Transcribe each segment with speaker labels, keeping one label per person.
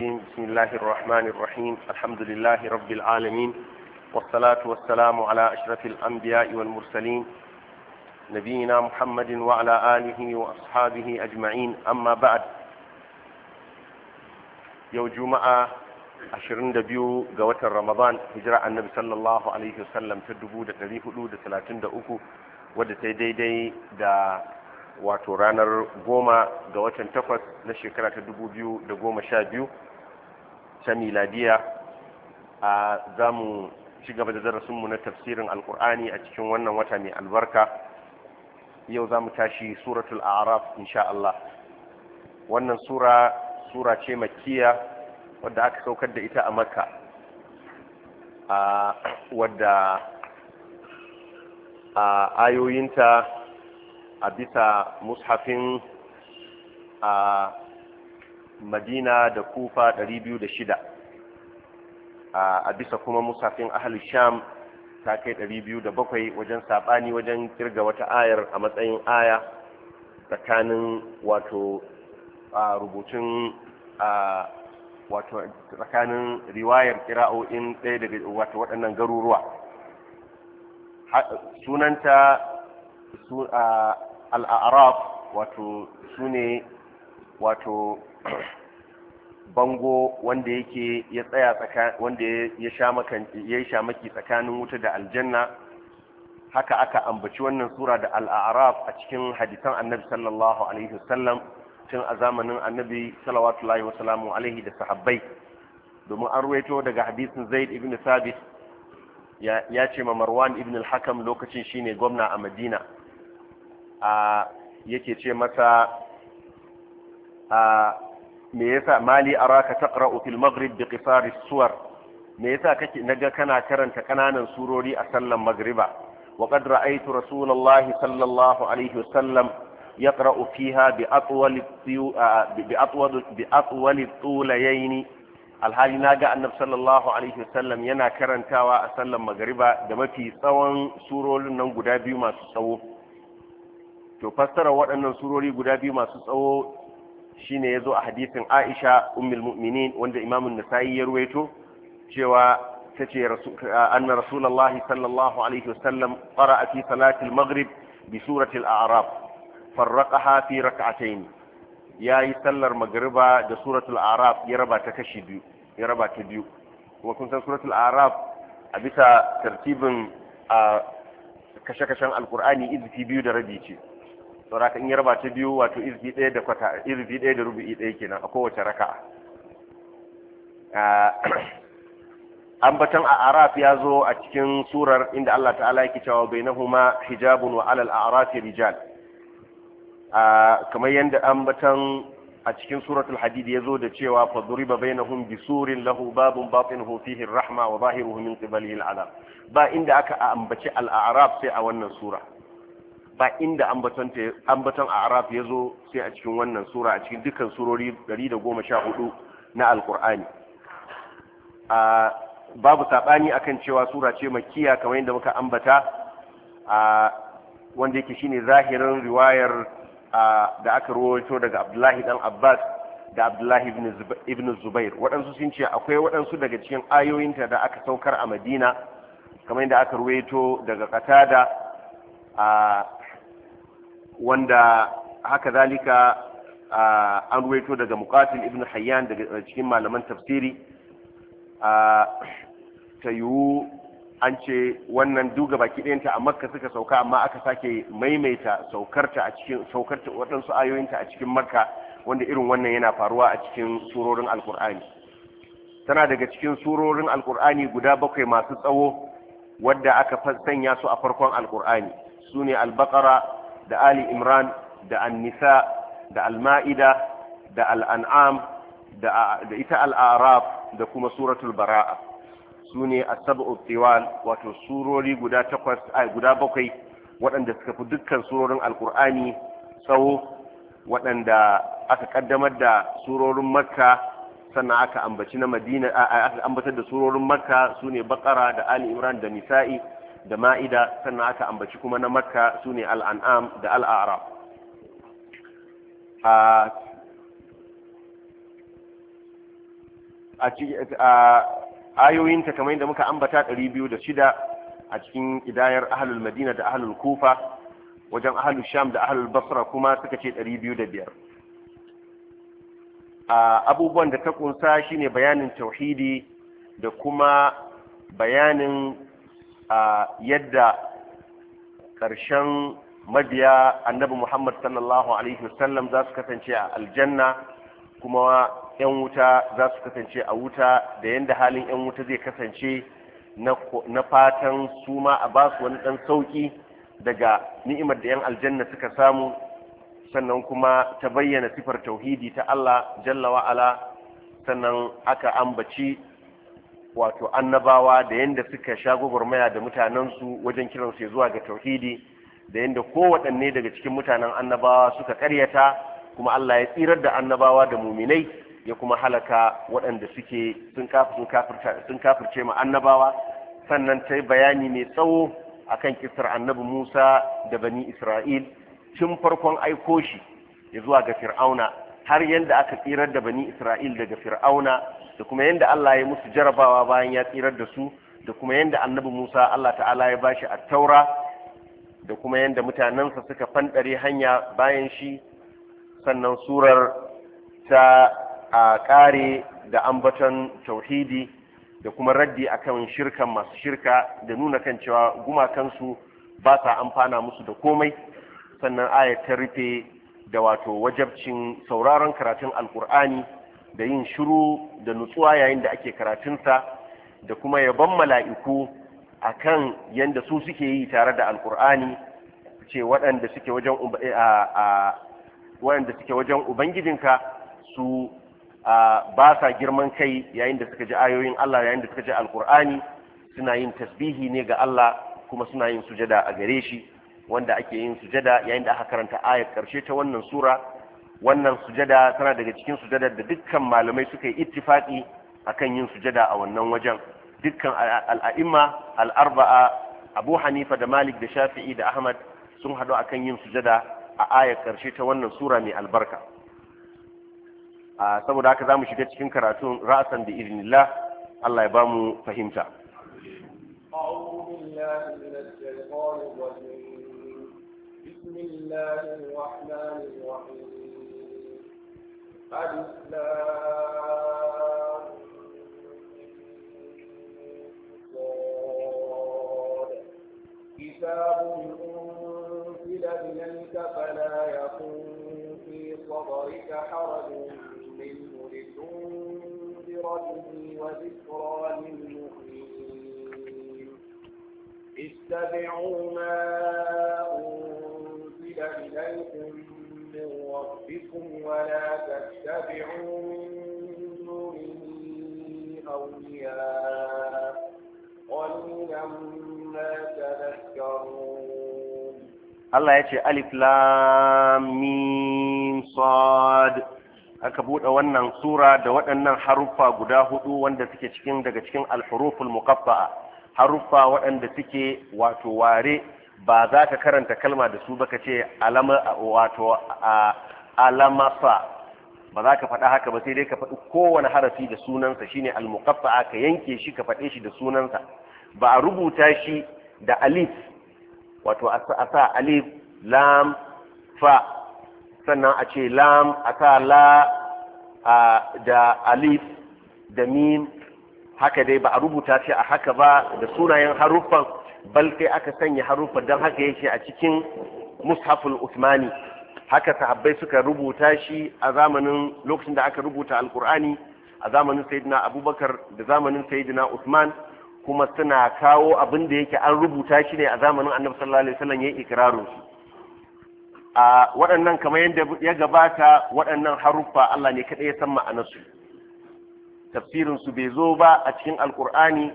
Speaker 1: بسم الله الرحمن الرحيم الحمد لله رب العالمين والصلاة والسلام على أشرف الأنبياء والمرسلين نبينا محمد وعلى آله وأصحابه أجمعين أما بعد يوم جمعة ashirin da biyu ga watan ramadan hijira annabi sallallahu alaihi wasallam ta dubu da ɗari hudu da da daidai da wato ranar goma ga watan takwas na shekara ta dubu da sha biyu ta miladiya a za mu ci gaba da darasinmu na tafsirin alkur'ani a cikin wannan wata mai albarka yau za mu tashi suratul araf insha Allah wannan sura sura ce makiya wadda aka saukar da ita a makka a wadda a ayoyinta a bisa mushafin a madina da kufa 206 a bisa kuma musafin ahal sham ta kai 207 wajen saɓani wajen kirga wata ayar a matsayin aya tsakanin wato rubutun wato tsakanin riwayar kira'o'in ɗaya daga wato waɗannan garuruwa sunanta al'araf wato su ne wato bango wanda yake ya tsaya wanda ya sha maki tsakanin wuta da aljanna haka aka ambaci wannan sura da al'araf a cikin hadisan annabi sallallahu alaihi wasallam tun a zamanin annabi alaihi wasallam alaihi da sahabbai domin an ruwaito daga hadisin zaid ibn sabit ya ce ma marwan ibn al-hakam lokacin shine gwamna a madina a yake ce masa a me yasa mali araka taqra'u fil maghrib bi qisari suwar me yasa kake naga kana karanta kananan surori a sallan magriba wa qad ra'aytu rasulullahi sallallahu alaihi wasallam يقرأ فيها بأطول bi بأطول الطولين alhali na ga annab sallallahu alaihi sallam yana karantawa a sallan magariba da mafi tsawon surorin nan guda biyu masu tsawo to fassara waɗannan surori guda biyu masu tsawo shine yazo a hadisin Aisha ummul mu'minin wanda Imam an-Nasa'i ya ruwaito cewa tace anna Rasulullahi sallallahu alaihi wasallam qara'a fi salati al-maghrib bi surati al-a'raf farraqaha fi rak'atayn yayi sallar magriba da suratul a'raf ya raba ta kashi biyu ya raba ta biyu kuma kun san suratul a'raf a bisa tartibin a kashe-kashen alkur'ani izifi biyu da rabi ce saboda in yi raba ta biyu wato izgi ɗaya da kwata izgi ɗaya da rubu'i ɗaya kenan a kowace raka ambatan a araf ya zo a cikin surar inda Allah ta'ala yake cewa huma hijabun wa alal a'rafi rijal kamar yadda ambatan a cikin suratul hadid ya zo da cewa faduriba bainahum bisurin lahu babun batinuhu fihi rahma wa zahiruhu min qibalihi al'adab ba inda aka ambaci al-a'raf sai a wannan sura ba inda ambaton araf ya zo sai a cikin wannan sura a cikin dukkan surori 114 na alkur'ani babu saɓani akan cewa sura ce makiya kamar yadda muka ambata wanda yake shine zahirin riwayar da aka rawaito daga abdullahi dan abbas da abdullahi ibn zubair waɗansu sun ce akwai waɗansu daga cikin ayoyinta da aka saukar a madina kamar yadda aka rawaito daga katada wanda haka zalika an ruwaito daga muqatil ibn hayyan daga cikin malaman tafsiri ta yiwu an ce wannan duga baki ɗayanta a makka suka sauka amma aka sake maimaita saukarta a cikin saukarta waɗansu ayoyinta a cikin makka wanda irin wannan yana faruwa a cikin surorin alkur'ani tana daga cikin surorin alkur'ani guda bakwai masu tsawo wadda aka sanya su a farkon alkur'ani su ne albakara da ali imran da annisa da alma'ida da Al-An'am da ita al'araf da kuma suratul bara'a su ne a tiwal wato surori guda takwas guda bakwai waɗanda suka fi dukkan surorin alkur'ani tsawo waɗanda aka kaddamar da surorin makka sannan aka ambaci na madina aka ambatar da surorin makka su ne bakara da ali imran da nisa'i da ma'ida sannan aka ambaci kuma na makka su ne al'an'am da al'ara. a ayoyinta kamar yadda muka ambata shida a cikin idayar ahalul madina da ahalul kufa wajen ahalul sham da ahalul basra kuma suka ce 205 abubuwan da ta kunsa shine bayanin tauhidi da kuma bayanin a yadda ƙarshen mabiya annabi muhammad sallallahu alaihi wasallam za su kasance a aljanna kuma 'yan wuta za su kasance a wuta da yadda halin 'yan wuta zai kasance na fatan su ma a ba su wani ɗan sauƙi daga ni'imar da 'yan aljanna suka samu sannan kuma ta bayyana siffar tauhidi ta Allah jalla wa'ala sannan aka ambaci wato annabawa da yadda suka sha gwagwarmaya da mutanensu wajen kiransu zuwa ga tauhidi da yadda kowaɗanne daga cikin mutanen annabawa suka karyata kuma Allah ya tsirar da annabawa da muminai ya kuma halaka waɗanda suke sun kafirce ma annabawa sannan ta bayani mai tsawo a kan kisar annabi Musa da bani Isra'il tun farkon aiko shi ya zuwa ga Fir'auna har yadda aka tsirar da bani Isra'il daga Fir'auna da kuma yadda Allah ya musu jarabawa bayan ya tsirar da su da kuma yadda annabi Musa Allah ta'ala ya bashi a taura da kuma yadda mutanensa suka fanɗare hanya bayan shi sannan surar ta a ƙare da ambaton tauhidi da kuma raddi kan shirkan masu shirka da nuna kan cewa gumakansu ba sa amfana musu da komai sannan ayat ta rufe da wato wajabcin sauraron karatun alkur'ani da yin shiru da nutsuwa yayin da ake karatunsa da kuma yabon mala'iku a kan yadda su suke yi tare da alkur'ani ce waɗanda suke wajen eh, waɗanda suke wajen ubangijinka su ba sa girman kai yayin da suka ji ayoyin Allah yayin da suka ji alkur'ani suna yin tasbihi ne ga Allah kuma suna yin sujada a gare shi wanda ake yin sujada yayin da aka karanta ayar ƙarshe ta wannan sura wannan sujada tana daga cikin sujadar da dukkan malamai suka yi ittifaqi akan yin sujada a wannan wajen dukkan al'a'imma al'arba'a abu hanifa da malik da shafi'i da ahmad sun haɗu akan yin sujada a ayar ƙarshe ta wannan sura mai albarka saboda haka za mu shiga cikin karatun rasan da irinillah allah ya ba mu fahimta
Speaker 2: بسم الله الرحمن الرحيم الإسلام كتاب أنزل إليك فلا يكن في صدرك حرج منه لتنذر وذكرى للمؤمنين اتبعوا ما أنزل إليكم ربكم ولا تتبعوا من دونه أولياء قليلا ما تذكرون
Speaker 1: الله يأتي ألف لام ميم صاد aka buɗe wannan sura da waɗannan haruffa guda hudu wanda suke cikin daga cikin alhuruful muqaffa'a haruffa waɗanda suke wato ware ba za ka karanta kalma da su baka ce alama wato fa ba za ka faɗa haka ba sai dai ka faɗi kowane harafi da sunansa shine almuqaffa ka yanke shi ka faɗe shi da sunansa ba a rubuta shi da alif wato a sa alif lam fa sannan a ce lam a sa la da alif da mim haka dai ba a rubuta shi a haka ba da sunayen haruffan bal aka sanya harufa don haka yake a cikin mushaful usmani haka sahabbai suka rubuta shi a zamanin lokacin da aka rubuta alkur'ani a zamanin sayyidina abubakar da zamanin sayyidina usman kuma suna kawo abin da yake an rubuta shi ne a zamanin annabi sallallahu alaihi wasallam yayin ikrarin a waɗannan kamar yadda ya gabata waɗannan haruffa Allah ne kaɗai ya san ma'anarsu tafsirin su bai zo ba a cikin alkur'ani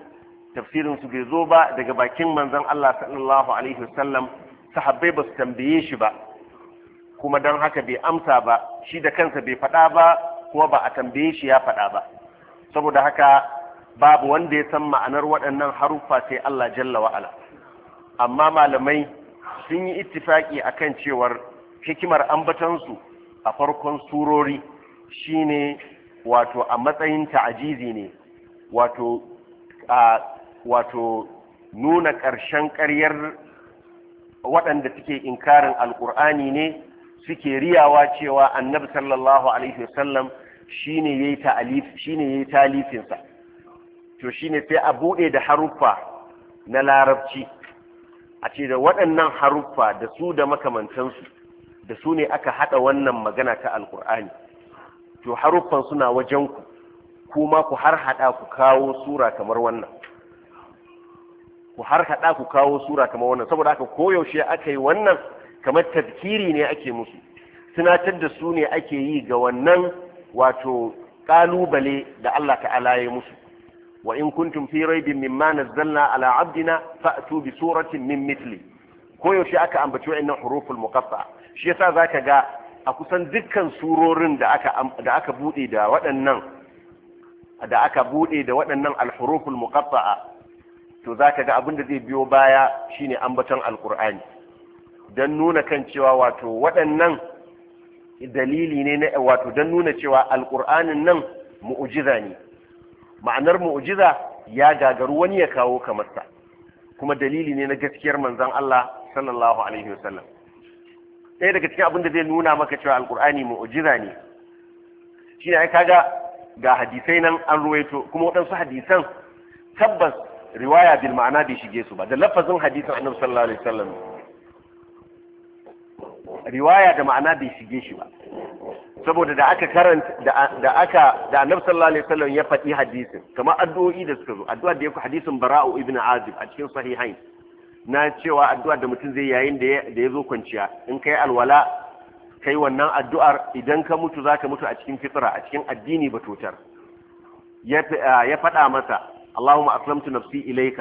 Speaker 1: tafsirin su bai zo ba daga bakin manzon Allah sallallahu alaihi wasallam sahabbai ba su tambaye shi ba kuma don haka bai amsa ba shi da kansa bai faɗa ba kuma ba a tambaye shi ya faɗa ba saboda haka babu wanda ya san ma'anar waɗannan haruffa sai Allah jalla wa'ala amma malamai sun yi ittifaki akan cewar hikimar ambatansu a farkon surori shine wato a matsayin ta'ajizi ne wato a wato nuna ƙarshen ƙaryar waɗanda suke inkarin alƙur'ani ne suke riyawa cewa annabi sallallahu alaihi wasallam shine yayi ta'alif shine yayi sa to shine sai a bude da haruffa na larabci a ce da waɗannan haruffa da su da makamantansu da su ne aka haɗa wannan magana ta alƙur'ani to haruffan suna wajen ku kuma ku har haɗa ku kawo sura kamar wannan ku har hada ku kawo sura kamar wannan saboda haka koyaushe aka yi wannan kamar tafkiri ne ake musu tunatar da su ne ake yi ga wannan wato ƙalubale, da Allah ta'ala ya musu wa in kuntum fi raibin mimma nazzalna ala abdina fa'tu bi suratin min mithli koyaushe aka ambaci wa'annan huruful muqatta shi yasa zaka ga a kusan dukkan surorin da aka da aka bude da waɗannan da aka bude da waɗannan al muqatta'a to za ka ga abin da zai biyo baya shine ambaton alkur'ani don nuna kan cewa wato waɗannan dalili ne na wato don nuna cewa alkur'anin nan mu'ujiza ne ma'anar mu'ujiza ya gagaru wani ya kawo kamarsa kuma dalili ne na gaskiyar manzan Allah sallallahu alaihi wasallam ɗaya daga cikin abin da zai nuna maka cewa alkur'ani mu'ujiza ne shine ai kaga ga hadisai nan an ruwaito kuma waɗansu hadisan tabbas riwaya bil ma'ana bai shige su ba da lafazin hadisin annabi sallallahu alaihi wasallam riwaya da ma'ana bai shige shi ba saboda da aka karanta da aka da annabi sallallahu alaihi wasallam ya faɗi hadisin kamar addu'o'i da suka zo addu'a da yake hadisin bara'u ibn azib a cikin sahihain na cewa addu'a da mutum zai yayin da ya zo kwanciya in kai alwala kai wannan addu'ar idan ka mutu zaka mutu a cikin fitra a cikin addini batutar ya faɗa masa اللهم أسلمت نفسي إليك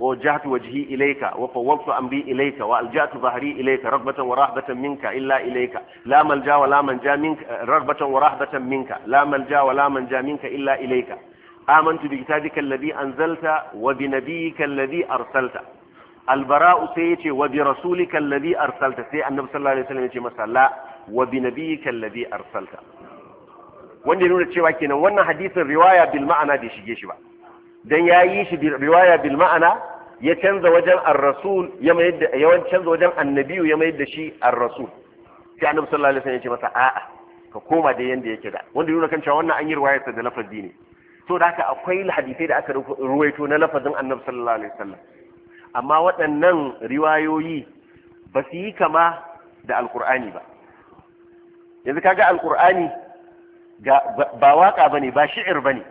Speaker 1: ووجهت وجهي إليك وفوضت أمري إليك وألجأت ظهري إليك رغبة ورهبة منك إلا إليك لا ملجأ ولا منجا منك رغبة ورهبة منك لا ملجأ ولا منجا منك إلا إليك آمنت بكتابك الذي أنزلت وبنبيك الذي أرسلت البراء سيتي وبرسولك الذي أرسلت سي النبي صلى الله عليه وسلم يتي مثلا لا وبنبيك الذي أرسلت wanda ya nuna cewa kenan wannan hadisin riwaya bil ma'ana bai shige shi ba dan ya yi shi riwaya bil ma'ana ya canza wajen ar-rasul ya mayar da yawan canza wajen annabiyu ya mayar da shi ar-rasul sai annabi sallallahu alaihi wasallam ya ce masa a'a ka koma da yanda yake da wanda yana kan cewa wannan an yi riwaya sa da lafazi ne to da haka akwai hadisai da aka ruwaito na lafazin annabi sallallahu alaihi wasallam amma waɗannan riwayoyi ba su yi kama da alkur'ani ba yanzu kaga alkur'ani ba waƙa ba ne ba shi'ir ba ne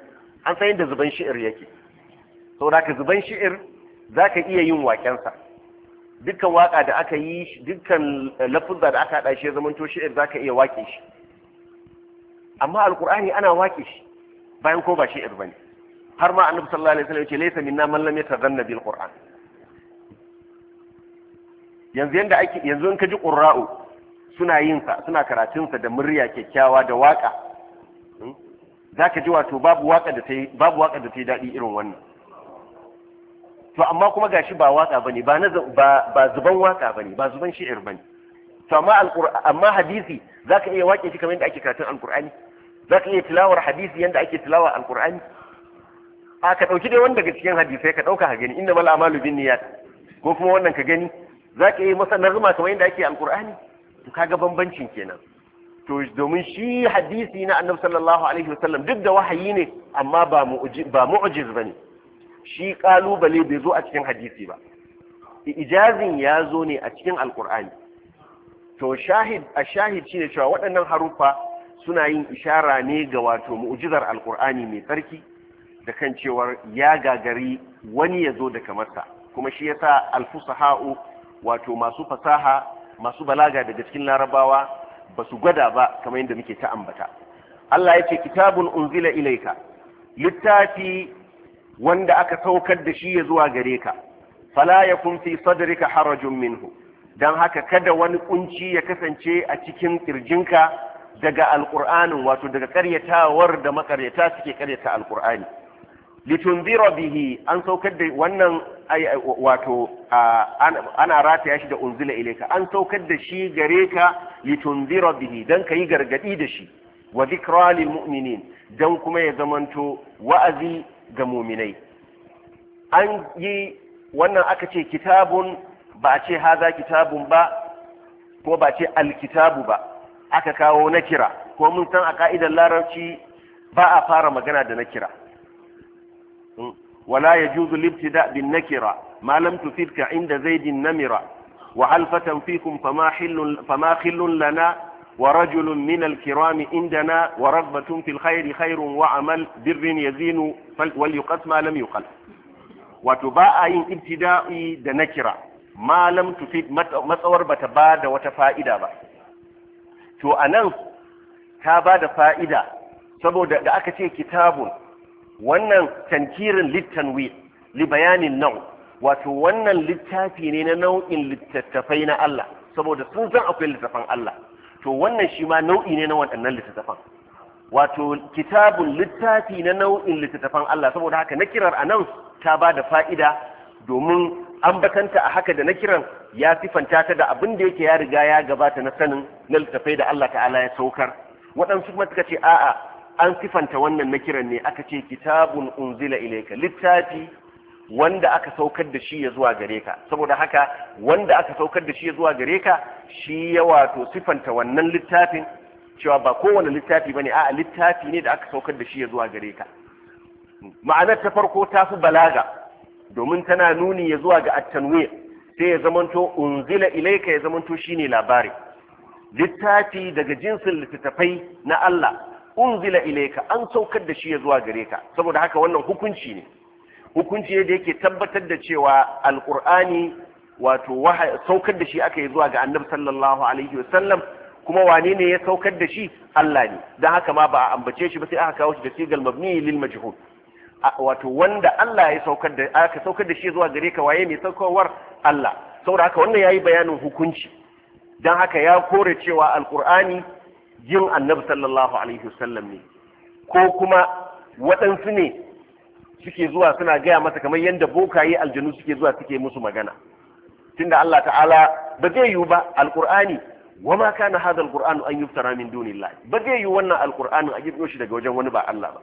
Speaker 1: an san yadda zuban shi'ir yake saboda ka zuban shi'ir za ka iya yin wakensa dukkan waka da aka yi dukkan lafuzza da aka ɗashe shi ya shi'ir za ka iya wake shi amma alƙur'ani ana wake shi bayan ko ba shi'ir ba ne har ma annabi sallallahu alaihi wasallam ya ce laysa minna man lam yatazanna bil qur'an yanzu yanda ake yanzu in ka ji qurra'u suna yin sa suna karatun sa da murya kyakkyawa da waka hmm, zaka ji wato babu waka da ta yi babu waka da ta dadi daɗi irin wannan to amma kuma gashi ba waka bane ba na ba ba zuban waka bane ba zuban shi'ir bane to amma alqur'an amma hadisi zaka iya wake shi kamar yadda ake karatun alqur'ani zaka iya tilawar hadisi yadda ake tilawar alqur'ani a ka dauki dai wanda daga cikin hadisai ka dauka ka gani inna mal amalu bin niyyat ko kuma wannan ka gani zaka iya masa nazma kamar yadda ake alqur'ani to kaga bambancin kenan to domin shi hadisi na annabi sallallahu alaihi wasallam duk da wahayi ne amma ba mu'jiz ba mu'jiz bane shi kalubale bai zo a cikin hadisi ba ijazin ya zo ne a cikin alkur'ani to shahid a shahid shine cewa waɗannan haruffa suna yin ishara ne ga wato mu'jizar alkur'ani mai tsarki da kan cewar ya gagari wani ya zo da kamarsa kuma shi yasa alfusaha'u wato masu fasaha masu balaga daga cikin larabawa ba su gwada ba kamar yadda muke ta ambata Allah ya ce kitabun unzila ilaika littafi wanda aka saukar da shi ya zuwa gare ka fala yakun fi sadrika harajun minhu dan haka kada wani kunci ya kasance a cikin ƙirjinka daga alqur'anin wato daga karyatawar da makaryata suke karyata alqur'ani litunzira bihi an saukar da wannan wato ana rataya shi da unzila ilaika an saukar da shi gare ka litunzira bihi dan kayi gargadi da shi wa zikra lil mu'minin dan kuma ya zamanto wa'azi ga muminai an yi wannan aka ce kitabun ba a ce haza kitabun ba ko ba ce alkitabu ba aka kawo na kira ko mun san a ka'idar larabci ba a fara magana da na kira hmm. wala ya juzu libtida bin nakira kira malam tufidka inda zaidin namira wa alfatan fikum fama khillun lana ورجل من الكرام عندنا ورغبة في الخير خير وعمل بر يزين وليقت ما لم يقل وتباء ابتدائي دنكرة ما لم تفيد متصور بتباد وتفائدة با تو أنا تباد فائدة سبو دا أكتي كتاب wannan tankirin littanwi li bayanin nau wato wannan littafi ne na nau'in littattafai na Allah saboda sun san akwai littafan Allah to wannan shi ma nau'i ne na waɗannan littattafan wato kitabun littafi na nau'in littattafan Allah saboda haka na kirar anan ta ba da fa'ida domin an bakanta a haka da na kiran ya sifanta ta da abin da yake ya riga ya gabata na sanin na littattafai da Allah ta'ala ya saukar waɗansu kuma suka ce a'a an sifanta wannan na kiran ne aka ce kitabun unzila ilaika littafi wanda aka saukar da shi ya zuwa gare ka saboda haka wanda aka saukar da shi ya zuwa gare ka shi ya wato sifanta wannan littafin cewa ba kowane littafi bane a littafi ne da aka saukar da shi ya zuwa gare ka ma'anar ta farko ta fi balaga domin tana nuni ya zuwa ga attanwe sai ya zamanto unzila ilaika ya zamanto shine labari littafi daga jinsin littattafai na Allah unzila ilaika an saukar da shi ya zuwa gare ka saboda haka wannan hukunci ne hukunci ne da yake tabbatar da cewa alkur'ani wato saukar da shi aka yi zuwa ga annabi sallallahu alaihi wasallam kuma wane ne ya saukar da shi Allah ne don haka ma ba a ambace shi ba sai aka kawo shi da sigal mabni lil majhul wato wanda Allah ya saukar da aka saukar da shi zuwa gare ka waye mai saukowar Allah saboda haka wannan yayi bayanin hukunci don haka ya kore cewa alkur'ani yin annabi sallallahu alaihi wasallam ne ko kuma waɗansu ne suke zuwa suna gaya masa kamar yadda bokaye aljanu suke zuwa suke musu magana tunda Allah ta'ala ba zai yiwu ba alqur'ani wama kana hadha alqur'anu an yuftara min dunillah ba zai yiwu wannan alqur'anin a gido shi daga wajen wani ba Allah ba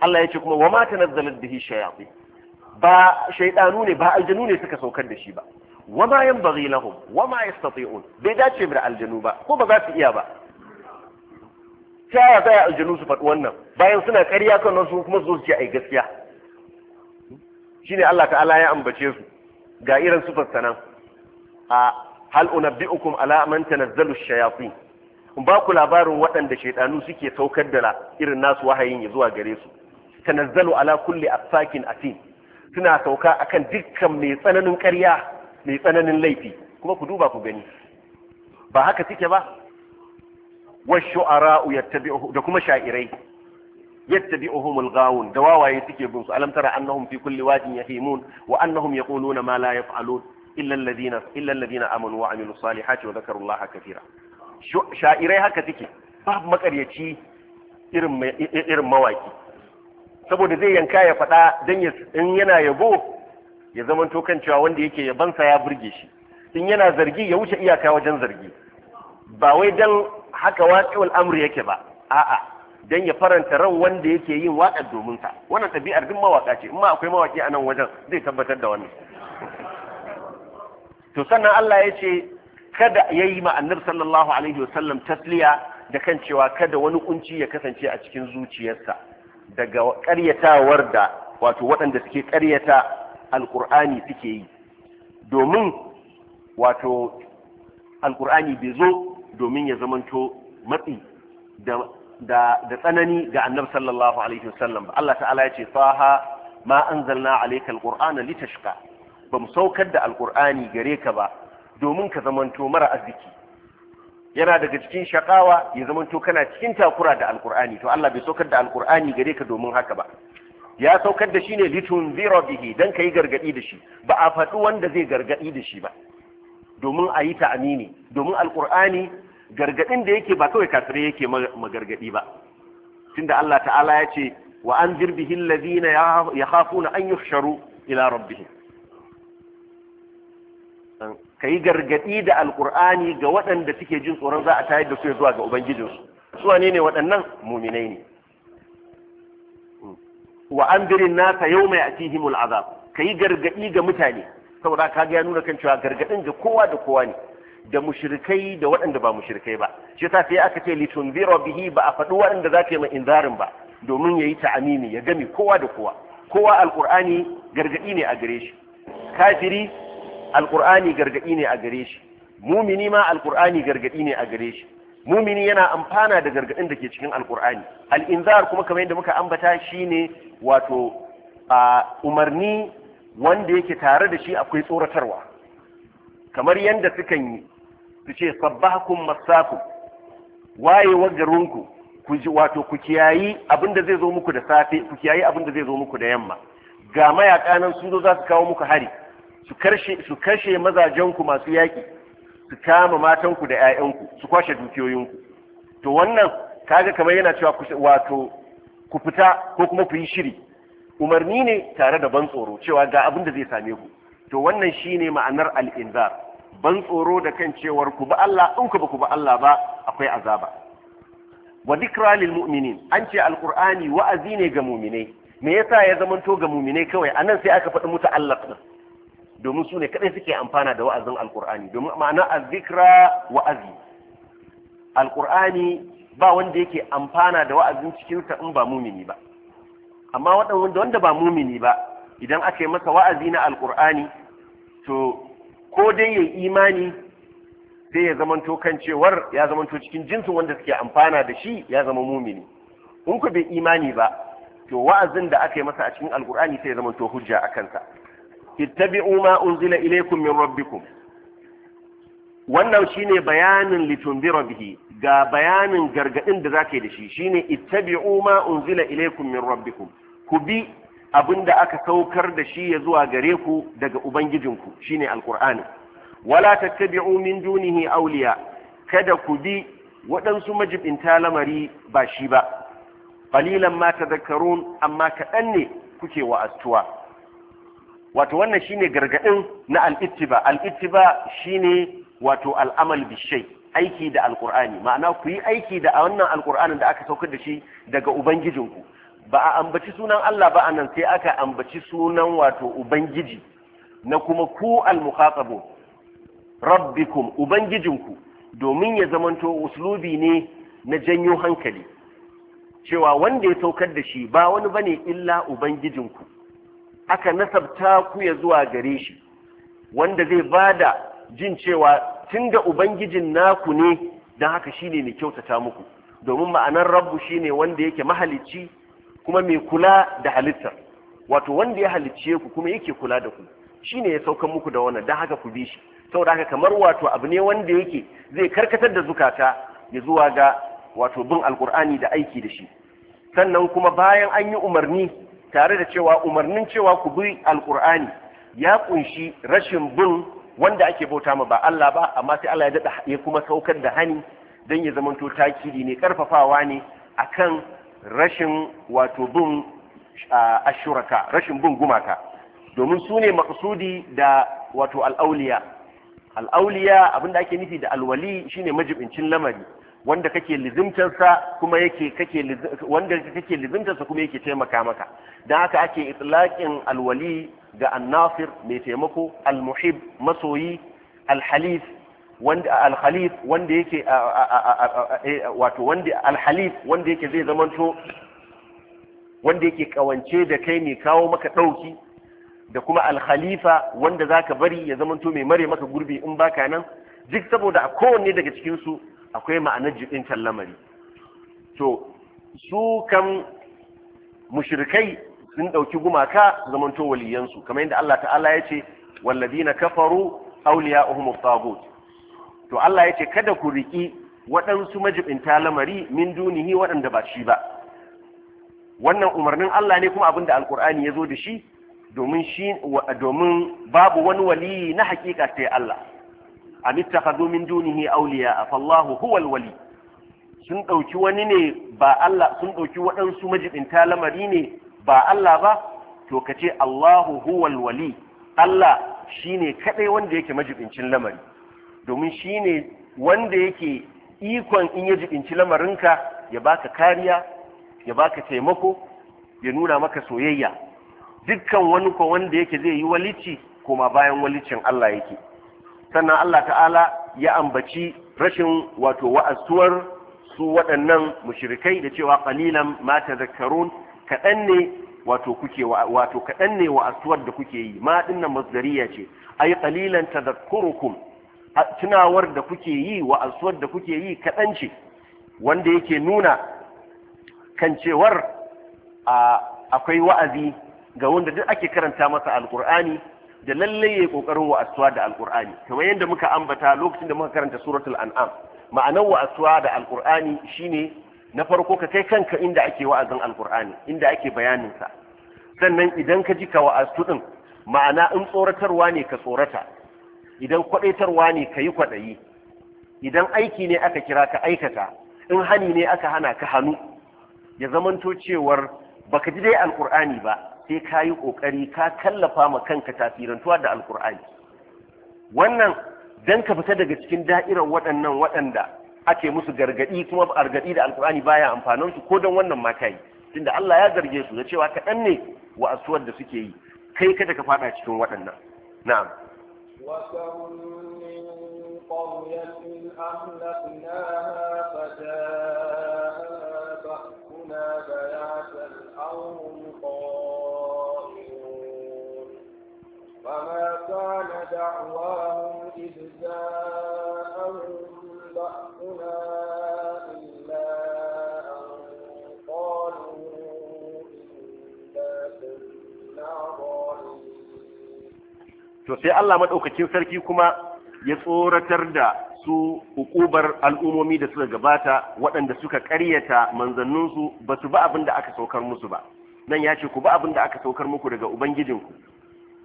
Speaker 1: Allah ya ce kuma wama tanazzalat bihi shayatin ba shaydanu ne ba aljanu ne suka saukar da shi ba wama yanbaghi lahum wama yastati'un bai dace da aljanu ba ko ba za su iya ba ta yaya aljanu su faɗi wannan bayan suna ƙarya kan nan su kuma su ce ai gaskiya shine Allah ta'ala ya ambace su ga irin sufar sanan a hal unabbi'ukum ala man tanazzalu shayatin ba ku labarin waɗanda shaidanu suke saukar da irin nasu wahayin ya zuwa gare su tanazzalu ala kulli a atim suna sauka akan dukkan mai tsananin ƙarya mai tsananin laifi kuma ku duba ku gani ba haka suke ba wa shu'ara yattabi'u da kuma sha'irai yattabi'uhum al-ghawun da wawaye suke bin su alam tara annahum fi kulli wadin yahimun wa annahum yaquluna ma la yaf'alun illa alladhina illa alladhina amanu wa amilus salihati wa dhakaru Allah katira sha'irai haka take babu makaryaci irin irin mawaki saboda zai yanka ya faɗa dan yana yabo ya zama to wanda yake yabansa ya burge shi in yana zargi ya wuce iyaka wajen zargi ba wai dan haka waqi'ul amri yake ba a'a dan ya faranta ran wanda yake yin waƙar domin sa wannan ɗabi'ar duk mawaƙa ce in ma akwai mawaƙi a nan wajen zai tabbatar da wannan to sannan Allah ya ce kada ya yi ma'annar sallallahu alaihi wasallam tasliya da kan cewa kada wani kunci ya kasance a cikin zuciyarsa daga karyatawar da wato waɗanda suke ƙaryata alƙur'ani suke yi domin wato alƙur'ani bai zo domin ya zamanto matsi da da da tsanani ga annabi sallallahu alaihi wasallam ba Allah ta'ala ya ce faha ma anzalna alayka alqur'ana litashqa ba mu saukar da alqur'ani gare ka ba domin ka zamanto mara arziki yana daga cikin shakawa ya zamanto kana cikin takura da alqur'ani to Allah bai saukar da alqur'ani gare ka domin haka ba ya saukar da shi ne litun zira bihi dan kai gargadi da shi ba a faɗi wanda zai gargadi da shi ba domin a yi ta'amini domin alqur'ani gargadin da yake ba kawai kafire yake magargadi ba tunda Allah ta'ala ya ce wa anzir ya hafu yakhafuna an yuhsharu ila rabbihim kai gargadi da alqur'ani ga waɗanda suke jin tsoron za a tayar da su zuwa ga ubangijinsu su wane ne waɗannan muminai ne wa birin nasa yawma ya'tihimul azab kai gargadi ga mutane saboda ka ga ya nuna kan cewa gargadin ga kowa da kowa ne da mushrikai da waɗanda ba mushrikai ba shi ta sai aka ce litunzira bihi ba a faɗi waɗanda za ka yi inzarin ba domin ya yi ta'amini ya gami kowa da kowa kowa Alƙur'ani gargaɗi ne a gare shi kafiri Alƙur'ani gargaɗi ne a gare shi mumini ma Alƙur'ani gargaɗi ne a gare shi mumini yana amfana da gargadin da ke cikin Alƙur'ani al-inzar kuma kamar yadda muka ambata shi ne wato a umarni wanda yake tare da shi akwai tsoratarwa kamar yadda sukan yi su ce sabbahkum masaku wayewar garinku ku ji wato ku kiyayi abinda zai zo muku da safe ku kiyayi abinda zai zo muku da yamma ga mayaka nan su zo za su kawo muku hari su karshe su kashe mazajenku masu yaki su kama matanku da 'ya'yanku su kwashe dukiyoyinku to wannan kaga kamar yana cewa wato ku fita ko kuma ku yi shiri umarni ne tare da ban tsoro cewa ga abin da zai same ku to wannan shine ma'anar al-inzar ban tsoro da kan cewar ku ba Allah in ku ba ku ba Allah ba akwai azaba wa dhikra lil mu'minin an ce alqur'ani wa'azi ne ga mu'minai me yasa ya zamanto ga mu'minai kawai anan sai aka faɗi muta Allah domin su ne kadai suke amfana da wa'azin alqur'ani domin ma'ana azzikra wa'azi alqur'ani ba wanda yake amfana da wa'azin cikin ta in ba mu'mini ba amma wanda wanda ba mumini ba idan aka yi masa wa'azi na alqur'ani to ko dai ya imani sai ya zamanto kan cewar ya zamanto cikin jinsin wanda suke amfana da shi ya zama mumini in ku bai imani ba to wa'azin da aka yi masa a cikin alkur'ani sai ya zamanto hujja a kansa ittabi'u ma unzila ilaykum min rabbikum wannan shine bayanin litunzira bihi ga bayanin gargadin da zaka yi da shi shine ittabi'u ma unzila ilaykum min rabbikum ku bi abin da aka saukar da shi ya zuwa gare ku daga ubangijinku shine alqur'ani wala tattabi'u min dunihi awliya kada ku bi waɗansu majibinta lamari ba shi ba qalilan ma tadhakkarun amma kaɗan ne kuke wa'astuwa wato wannan shine gargadin na al-ittiba al-ittiba shine wato al'amal bishai aiki da alqur'ani ma'ana ku yi aiki da wannan alqur'anin da aka saukar da shi daga ubangijinku ba a ambaci sunan Allah ba anan sai aka ambaci sunan wato ubangiji na kuma ku al-mukhatabu rabbikum ubangijinku domin ya zamanto uslubi ne na janyo hankali cewa wanda ya saukar da shi ba wani bane illa ubangijinku aka nasabta ku ya zuwa gare shi wanda zai bada jin cewa tunda ubangijin naku ne don haka shine ne kyautata muku domin ma'anar rabbu shine wanda yake mahalicci kuma mai kula da halittar wato wanda ya halicce ku kuma yake kula da ku shine ya saukan muku da wannan dan haka ku bi shi saboda haka kamar wato abu ne wanda yake zai karkatar da zukata ya zuwa ga wato bin alkur'ani da aiki da shi sannan kuma bayan an yi umarni tare da cewa umarnin cewa ku bi alkur'ani ya kunshi rashin bin wanda ake bauta ma ba Allah ba amma sai Allah ya dada ya kuma saukar da hani dan ya zamanto takidi ne karfafawa ne akan rashin wato bin ashuraka rashin bin gumaka domin su ne maksudi da wato al'auliya al'auliya abinda ake nufi da alwali shine majibincin lamari wanda kake lizimtarsa kuma yake kake wanda kake lizimtarsa kuma yake taimaka maka dan haka ake itlaqin alwali ga annasir mai taimako almuhib masoyi alhalif wanda alhalif wanda yake eh, wato wanda alhalif wanda yake zai zamanto wanda yake kawance da kai mai kawo maka ɗauki da kuma alhalifa wanda za ka bari ya zamanto mai mare maka gurbi in baka nan duk saboda a kowanne daga cikinsu akwai ma'anar jiɗintar lamari to su kan mushrikai sun ɗauki gumaka zamanto waliyansu kamar yadda Allah ta'ala ya ce wallazina kafaru awliya'uhum at to Allah ya ce kada ku riƙi waɗansu majibinta lamari min dunihi waɗanda ba shi ba wannan umarnin Allah ne kuma abinda da alkur'ani ya zo da shi domin shi domin babu wani waliyi na haƙiƙa sai Allah am ittakhadhu min dunihi awliya fallahu huwal wali sun ɗauki wani ne ba Allah sun dauki waɗansu majibinta lamari ne ba Allah ba to kace ce Allahu huwal wali Allah shine kadai wanda yake majibincin lamari domin shi ne wanda yake ikon in ya jiɗinci lamarinka ya baka kariya ya baka taimako ya nuna maka soyayya dukkan wani ko wanda yake zai yi walici kuma bayan walicin Allah yake sannan Allah ta'ala ya ambaci rashin wato wa'astuwar su waɗannan mushrikai da cewa qalilan ma tadhakkarun kaɗan ne wato kuke kaɗan ne wa'astuwar da kuke yi ma dinnan masdariya ce ay qalilan tadhakkurukum tunawar da kuke yi wa'asuwar da kuke yi kaɗan ce wanda yake nuna kan cewar akwai wa'azi ga wanda duk ake karanta masa Alƙur'ani da lallai ya yi kokarin wa'asuwa da alkur'ani kamar yadda muka ambata lokacin da muka karanta suratul an'am ma'anar wa'asuwa da alkur'ani shine na farko ka kai kanka inda ake wa'azin Alƙur'ani, inda ake bayaninsa sannan idan ka ji ka wa'asu ɗin ma'ana in tsoratarwa ne ka tsorata idan kwadaitarwa ne ka yi kwadayi idan aiki ne aka kira ka aikata in hani ne aka hana ka hannu ya zamanto cewar baka ji dai alkur'ani ba sai ka yi ƙoƙari ka tallafa ma kanka tasirantuwa da alkur'ani wannan dan ka fita daga cikin da'irar waɗannan waɗanda ake musu gargaɗi kuma argaɗi da alkur'ani baya amfanin su ko don wannan makai kai tunda Allah ya zarge su da cewa kaɗan ne wa da suke yi kai kada ka faɗa cikin waɗannan na'am
Speaker 2: وكم من قرية أهلكناها فجاء بأسنا بياتا أو هم قائلون فما كان دعواهم إذ جاءوا
Speaker 1: to sai Allah madaukakin sarki kuma ya tsoratar da su hukubar al'umomi da suka gabata waɗanda suka ƙaryata manzanninsu ba su ba abin da aka saukar musu ba nan ya ce ku ba abin da aka saukar muku daga ubangijinku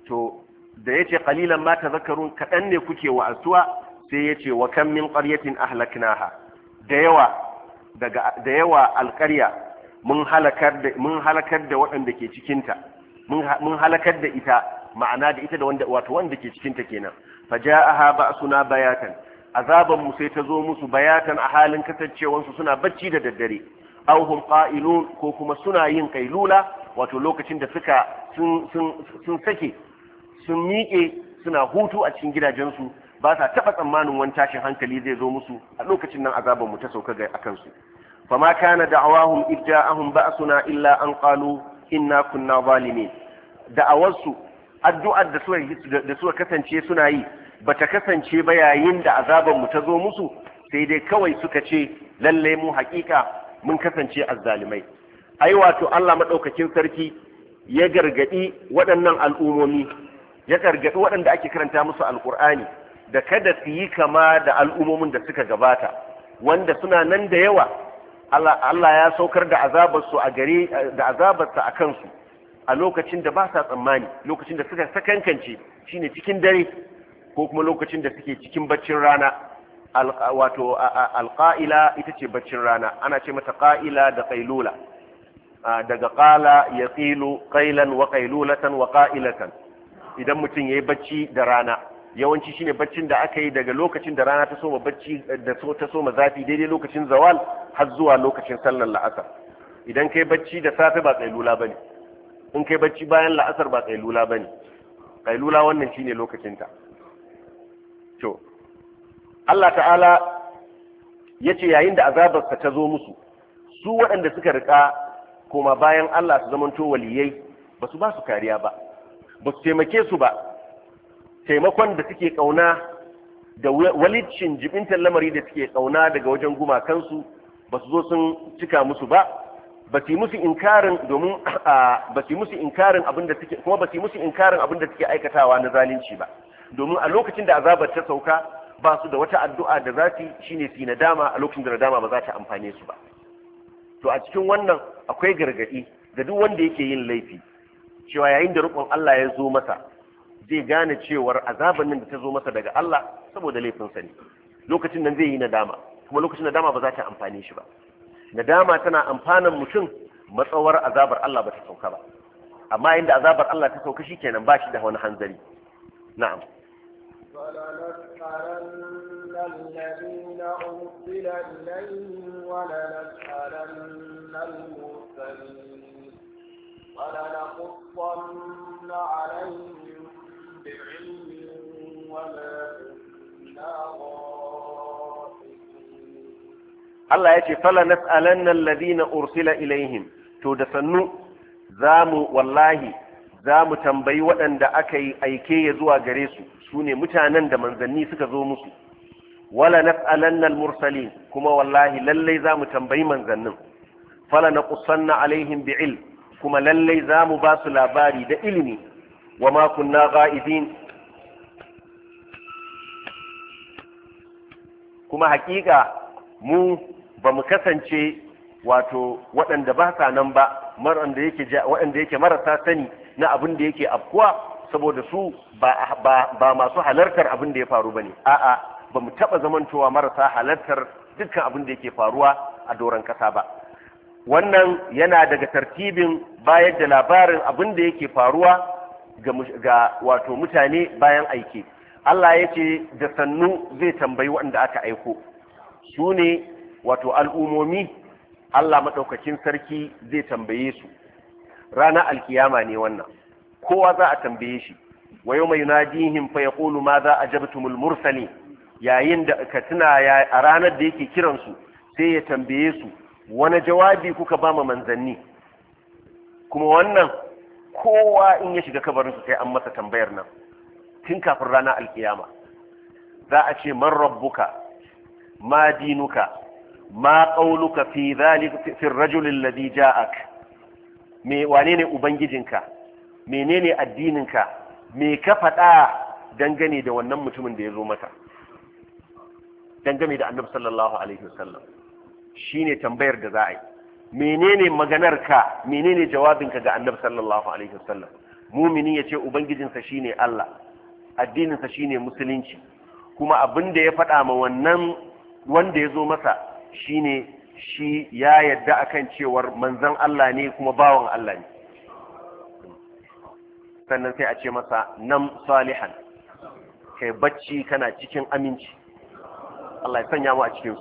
Speaker 1: to da ya ce ƙalilan ma ta zakarun kaɗan ne kuke wa asuwa sai ya ce wa kan min ƙaryatin ahlaknaha da yawa da yawa alƙarya mun halakar da waɗanda ke cikinta mun halakar da ita ma'ana da ita da wanda wato wanda ke cikin ta kenan faja'aha ba'suna bayatan azaban mu sai ta zo musu bayatan a halin kasancewan su suna bacci da daddare aw hum qa'ilun ko kuma suna yin kailula wato lokacin da suka sun sun sun sake sun miƙe suna hutu a cikin gidajensu ba sa taɓa tsammanin wani tashin hankali zai zo musu a lokacin nan azaban mu ta sauka ga akan su fama kana da'awahum idja'ahum ba'suna illa an qalu inna kunna zalimin da'awarsu addu'ar da suka kasance suna yi bata kasance ba yayin da azaban mu ta zo musu sai dai kawai suka ce lalle mu hakika mun kasance azzalimai ai wato Allah madaukakin sarki ya gargadi waɗannan al'umomi ya gargadi waɗanda ake karanta musu alqur'ani da kada su yi kama da al'umomin da suka gabata wanda suna nan da yawa Allah ya saukar da azabarsu a gare da azabarsa a kansu a lokacin da ba sa tsammani lokacin da suka sakankance shine cikin dare ko kuma lokacin da suke cikin baccin rana wato alƙa'ila ita ce baccin rana ana ce mata ƙa'ila da ƙailula daga ƙala ya ƙilu ƙailan wa ƙailulatan wa ƙa'ilatan idan mutum ya yi bacci da rana yawanci shine baccin da aka yi daga lokacin da rana ta soma bacci da ta soma zafi daidai lokacin zawal har zuwa lokacin sallar la'asar idan kai bacci da safe ba ƙailula ba ne in kai bacci bayan la'asar ba kailula ba ne kailula wannan shine lokacinta to Allah ta'ala ya ce yayin da azabarsa ta zo musu su waɗanda suka rika, koma bayan Allah su zamanto waliyai ba su ba su kariya ba ba su taimake su ba taimakon da suke ƙauna da walicin jibintar lamari da suke ƙauna daga wajen gumakansu ba su zo sun cika musu ba ba su musu inkarin domin ba su musu inkarin abinda suke kuma ba su musu inkarin abinda suke aikatawa na zalunci ba domin a lokacin da azabar ta sauka ba su da wata addu'a da za su shine su nadama a lokacin da nadama ba za ta amfane su ba to a cikin wannan akwai gargadi da duk wanda yake yin laifi cewa yayin da rukun Allah ya zo masa zai gane cewar azaban nan da ta zo masa daga Allah saboda laifinsa ne lokacin nan zai yi nadama kuma lokacin nadama ba za ta amfane shi ba nadama tana amfanan mutum matsawar azabar Allah ba ta sauka ba amma inda azabar Allah ta sauka shikenan ba shi da wani hanzari na'am
Speaker 2: الذين أرسل إليهم ولنسألن المرسلين ولنقصن
Speaker 1: Allah ya ce fala nan Ladina ursila ilaihim to da sannu mu, wallahi zamu tambayi waɗanda aka yi aike ya zuwa gare su sune mutanen da manzanni suka zo musu wala nan Mursalin, kuma wallahi za zamu tambayi manzannin fala na kusanna alaihim il kuma lallai zamu ba su labari da ilimi wa ma kunna ga'idin kuma hakika mu ba mu kasance wato waɗanda ba sa nan ba waɗanda yake marasa sani na abin da yake afkuwa saboda su ba masu halartar abin da ya faru ba ne. a'a ba mu taɓa zamantowa marasa halartar dukkan abin da yake faruwa a doron ƙasa ba wannan yana daga tartibin bayar da labarin abin da yake faruwa ga wato mutane bayan aiki Allah ya ce da sannu zai tambayi waɗanda aka aiko su ne wato al'umomi Allah maɗaukakin sarki zai tambaye su ranar alkiyama ne wannan kowa za a tambaye shi wa yau mai nadihin fa ƙulu ma za jabtumul mursali yayin da ka tuna a ranar da yake kiransu sai ya tambaye su wani jawabi kuka ba ma manzanni kuma wannan kowa in ya shiga kabarinsu sai an masa tambayar nan tun kafin ranar alkiyama za a ce man rabbuka ma dinuka ma qauluka fi dhalika fi ar-rajul alladhi ja'ak me wane ne ubangijinka menene addininka me ka faɗa dangane da wannan mutumin da ya zo maka dangane da annabi sallallahu alaihi wasallam shine tambayar da za a yi menene maganarka menene jawabinka ga annabi sallallahu alaihi wasallam mumini ya ce ubangijinsa shine Allah addininsa shine musulunci kuma abinda ya faɗa ma wannan wanda ya zo masa shine shi ya yadda kan cewar manzan Allah ne kuma bawan Allah ne sannan sai a ce masa nam salihan kai bacci kana cikin aminci Allah ya sanya mu a cikin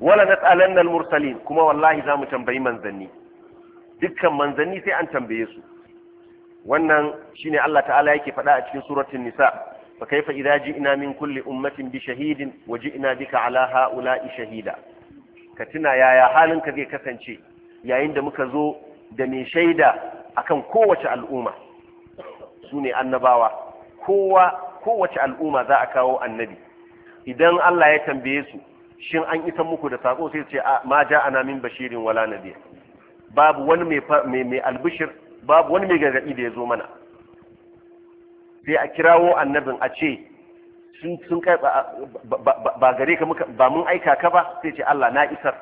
Speaker 1: wala nas'alanna al-mursalin kuma wallahi za mu tambayi manzanni dukkan manzanni sai an tambaye su wannan shine Allah ta'ala yake faɗa a cikin suratul nisa فكيف إذا جئنا من كل أمة بشهيد وجئنا بك على هؤلاء شهيدا كتنا يا يا حالن كذي كسنشي يا عند مكزو دمي شيدا أكن قوة الأمة سوني النباوة قوة قوة الأمة ذا أكاو النبي إذن الله ya shin an isa muku da sako sai ce ma ja ana min bashirin wala nadir babu wani mai mai albishir babu wani mai gargadi da ya zo mana sai a kirawo annabin a ce sun kai ba gare ka muka ba mun aika ka ba sai ce Allah na isar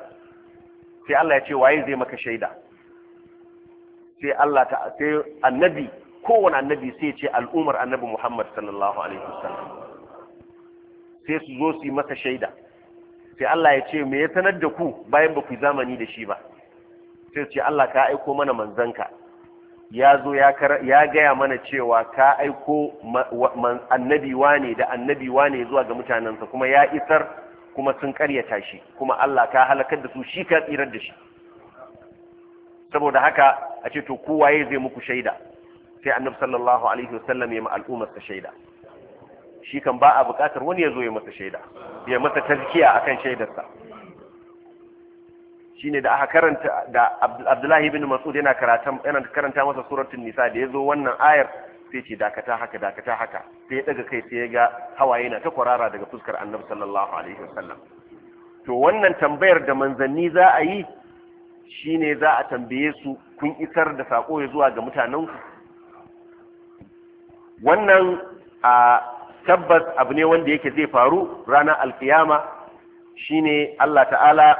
Speaker 1: sai Allah ya ce waye zai maka shaida sai Allah ta sai annabi kowane annabi sai ce al'umar annabi Muhammad sallallahu alaihi wasallam sai su zo su yi masa shaida sai Allah ya ce me ya sanar da ku bayan ba ku zamani da shi ba sai ce Allah ka aiko mana manzanka ya zo ya gaya mana cewa ka aiko annabi wane da annabi wane zuwa ga mutanensa kuma ya isar kuma sun karyata shi kuma Allah ka halakar da su shi ka tsirar da shi saboda haka a ce to kowa ya zai muku shaida sai annabi sallallahu alaihi wasallam ya al'ummar sa shaida shi kan ba a buƙatar wani ya zo ya masa shaida ya masa tazkiya akan shaidarsa shine da aka karanta da Abdullahi ibn Mas'ud yana karanta yana karanta masa suratul Nisa da ya zo wannan ayar sai ce dakata haka dakata haka sai ya daga kai sai ya ga hawaye na ta kwarara daga fuskar Annabi sallallahu alaihi wasallam to wannan tambayar da manzanni za a yi shine za a tambaye su kun isar da sako ya zuwa ga mutanen su? wannan a tabbas abu ne wanda yake zai faru ranar alkiyama shine Allah ta'ala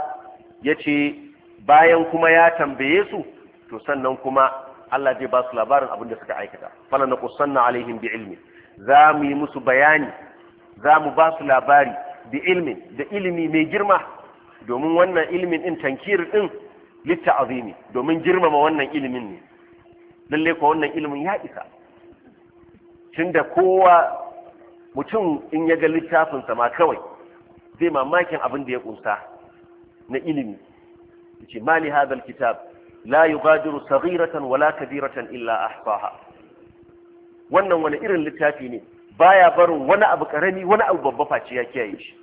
Speaker 1: ya ce bayan kuma ya tambaye su to sannan kuma Allah zai ba su labarin abin da suka aikata fala na kusanna alaihim bi ilmi za mu yi musu bayani za mu ba su labari bi ilmi da ilimi mai girma domin wannan ilimin din tankir din litta azimi domin girmama wannan ilimin ne lalle ko wannan ilimin ya isa tunda kowa mutum in ya ga littafinsa ma kawai zai mamakin abin da ya kunsa na ilimi yace mali hadha alkitab la yugadiru saghiratan wala kabiratan illa ahsaha wannan wani irin littafi ne baya barin wani abu karami wani abu babba face ya kiyaye shi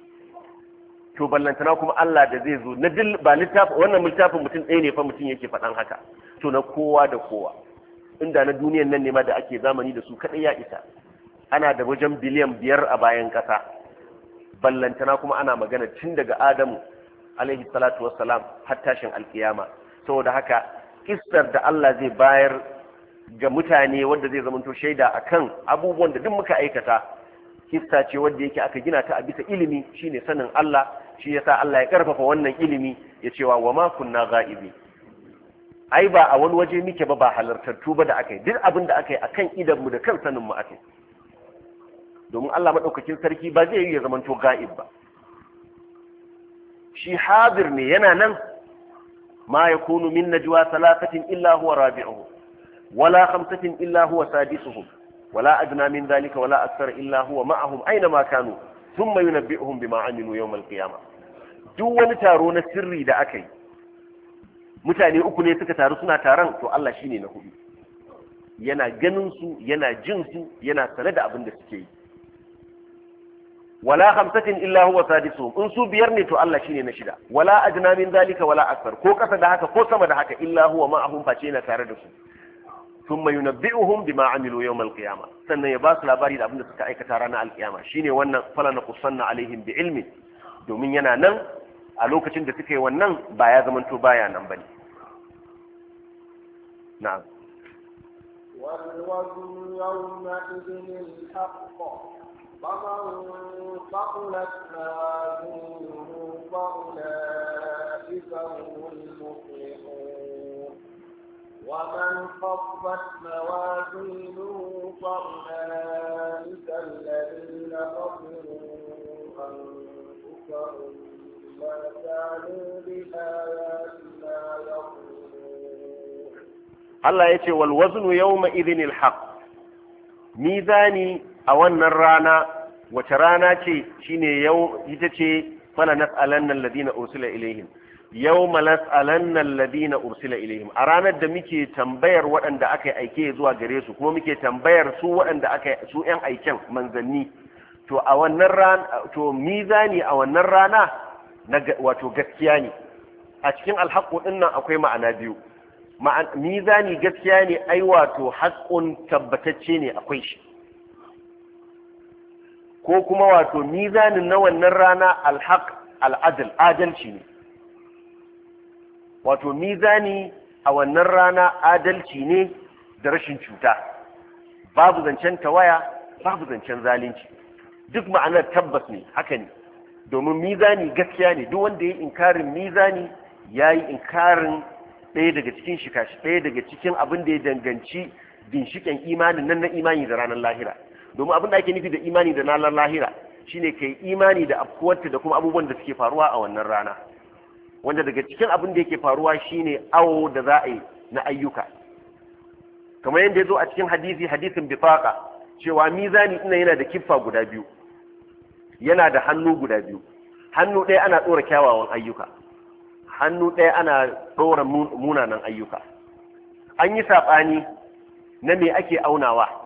Speaker 1: to ballantana kuma Allah da zai zo na dil ba littafi wannan littafin mutum ɗaya ne fa mutum yake faɗan haka to na kowa da kowa inda na duniyan nan ne ma da ake zamani da su kaɗai ya isa ana da wajen biliyan biyar a bayan ƙasa ballantana kuma ana magana tun daga adamu alaihi salatu wassalam har tashin alkiyama saboda haka kissar da Allah zai bayar ga mutane wanda zai zamanto shaida akan abubuwan da duk muka aikata kissa ce wanda yake aka gina ta a bisa ilimi shine sanin Allah shi yasa Allah ya karfafa wannan ilimi ya cewa wa ma kunna ghaibi ai ba a wani waje muke ba ba halartar ba da aka yi duk abin da aka akan idan mu da kan sanin mu akai domin Allah madaukakin sarki ba zai yi ya zamanto ga'ib ba shi hadir ne yana nan ma ya kunu min najwa salasatin illa huwa rabi'uhum wala khamsatin illa huwa sadisuhum wala adna min dhalika wala akthar illa huwa ma'ahum aina ma kanu thumma yunabbi'uhum bima amilu yawm al-qiyamah duk wani taro na sirri da aka yi mutane uku ne suka taru suna taron to Allah shine na hudu yana ganin su yana jin su yana sane da abin da suke yi wala hamsatin illa huwa sadisuhum in su biyar ne to Allah shine na shida wala ajna min zalika wala akbar ko kasa da haka ko sama da haka illa huwa ma'ahum face na tare da su thumma yunabbi'uhum bima amilu yawm al-qiyamah sannan ya ba su labari da abinda suka aikata rana al shi ne wannan fala na qusanna alaihim bi ilmin domin yana nan a lokacin da suka yi wannan ba ya zamanto baya nan bane na'am
Speaker 2: والوزن يومئذ الحق فمن ثقلت فأولئك هم المفلحون ومن خفت موازينه فأولئك الذين خسروا أنفسهم ما كانوا بآياتنا يظلمون
Speaker 1: الله يتي والوزن يومئذ الحق ميزاني a wannan rana wace rana ce shine yau ita ce fala nas'alanna alladhina ursila ilaihim yawma nas'alanna Ladina ursila ilaihim a ranar da muke tambayar waɗanda aka yi aike zuwa gare su kuma muke tambayar su waɗanda aka su yan aiken manzanni to a wannan rana to mizani a wannan rana na wato gaskiya ne a cikin alhaqqu dinnan akwai ma'ana biyu mizani gaskiya ne ai wato haqqun tabbatacce ne akwai shi ko kuma wato mizanin na wannan rana alhaq al'adal adalci ne wato mizani a wannan rana adalci ne da rashin cuta babu zancen tawaya babu zancen zalunci duk ma'anar tabbas ne haka ne domin mizani gaskiya ne duk wanda ya yi inkarin mizani ya yi inkarin ɗaya daga cikin shi, ɗaya daga cikin abin da ya danganci ginshiƙen imanin nan na imani da ranar lahira domin abin da ake nufi da imani da nalar lahira shine kai imani da afkuwarta da kuma abubuwan da suke faruwa a wannan rana wanda daga cikin abin da yake faruwa shine awo da za a yi na ayyuka kamar yadda ya zo a cikin hadisi hadisin bifaka cewa mizani ina yana da kiffa guda biyu yana da hannu guda biyu hannu ɗaya ana ɗora kyawawan ayyuka hannu ɗaya ana ɗora munanan ayyuka an yi saɓani na me ake aunawa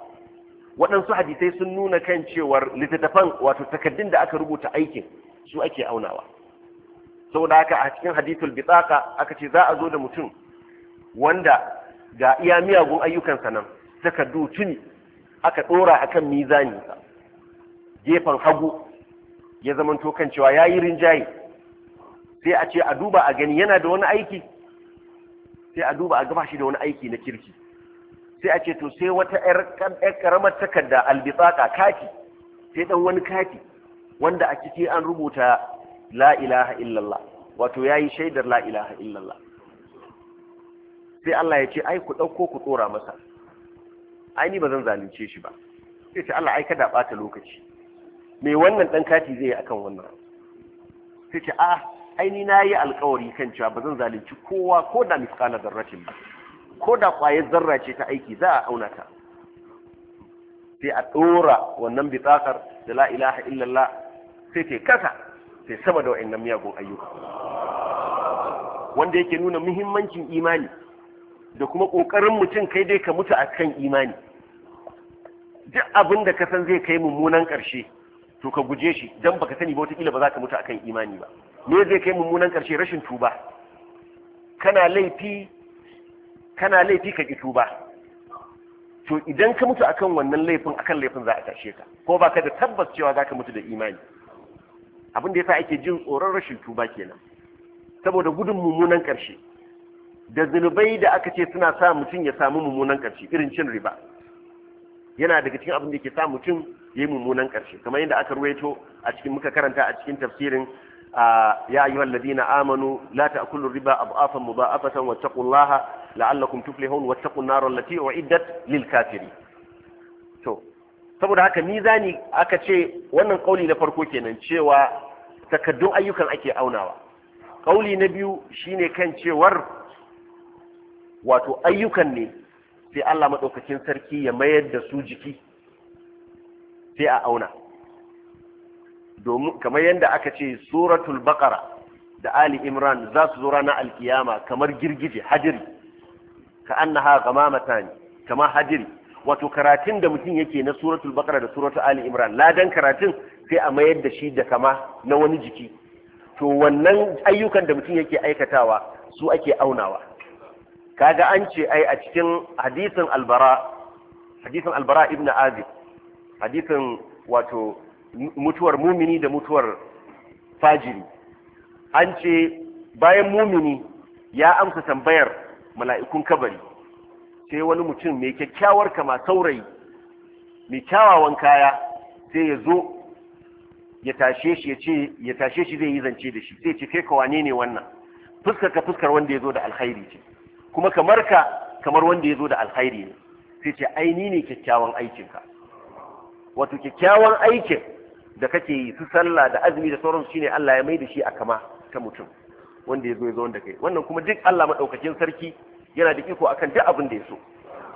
Speaker 1: waɗansu hadisai sun nuna kan cewar littattafan wato takaddun da aka rubuta aikin su ake aunawa da haka a cikin hadithul bitsaka aka ce za a zo da mutum wanda ga iya miyagun ayyukansa nan takaddu tuni aka ɗora a mizani mizaninsa gefen hagu ya zamanto kan cewa ya yi rinjaye sai a ce a duba a gani yana da wani aiki sai a duba a gaba shi da wani aiki na kirki sai a ce to sai wata ƴar karamar takarda albisaka kati sai dan wani kati wanda a ciki an rubuta la ilaha illallah wato yayi shaidar la ilaha illallah sai Allah ya ce ai ku dauko ku tsora masa ai ni bazan zalunce shi ba sai ce Allah ai ka da bata lokaci me wannan dan kati zai akan wannan sai ce a ah, ai ni nayi alƙawari kan cewa bazan zalunci kowa ko da misqala darratin ba ko da kwaye zarra ce ta aiki za a auna ta sai a ɗora wannan bitsakar da la ilaha illallah sai ta kasa sai sama da wa'annan miyagun ayyuka wanda yake nuna muhimmancin imani da kuma ƙoƙarin mutum kai dai ka mutu a kan imani duk abin da ka san zai kai mummunan ƙarshe to ka guje shi don baka sani ba wataƙila ba za ka mutu akan imani ba me zai kai mummunan ƙarshe rashin tuba kana laifi kana laifi ka ki tuba to idan ka mutu akan wannan laifin akan laifin za a tashe ka ko ba ka da tabbas cewa za ka mutu da imani abin da yasa ake jin tsoron rashin tuba kenan saboda gudun mummunan ƙarshe da zunubai da aka ce suna sa mutum ya samu mummunan ƙarshe irin cin riba yana daga cikin abin da ke sa mutum ya yi mummunan ƙarshe kamar yadda aka ruwaito a cikin muka karanta a cikin tafsirin ah, ya ayyuhal ladina amanu la ta'kulu riba Afatan wata wattaqullaha la'allakum tuflihun wattaqun nar allati uiddat lil kafirin to saboda haka mizani aka ce wannan kauli na farko kenan cewa takaddun ayyukan ake aunawa kauli na biyu shine kan cewar wato ayyukan ne sai Allah madaukakin sarki ya mayar da su jiki sai a auna domin kamar yadda aka ce suratul baqara da ali imran za su zo ranar alkiyama kamar girgije Hajari. ka annaha gamamatan kama hadin wato karatun da mutum yake na suratul baqara da suratul ali imran ladan karatun sai a mayar da shi da kama na wani jiki to wannan ayyukan da mutum yake aikatawa su ake aunawa kaga an ce ai a cikin hadisin albara hadisin albara ibn azib hadisin wato mutuwar mumini da mutuwar fajiri an ce bayan mumini ya amsa tambayar mala'ikun kabari sai wani mutum mai kyakkyawar kama saurayi mai kyawawan kaya sai ya zo ya tashe shi ya ce ya tashe shi zai yi zance da shi sai ce kai kawa ne wannan fuskar ka fuskar wanda ya zo da alkhairi ce kuma kamar ka kamar wanda ya zo da alkhairi ne sai ce ai ne kyakkyawan aikinka. wato kyakkyawan aikin da kake yi su sallah da azumi da sauransu shine Allah ya mai da shi a kama ta mutum wanda ya zo ya zo wanda kai wannan kuma duk Allah madaukakin sarki yana da iko akan duk abin da ya so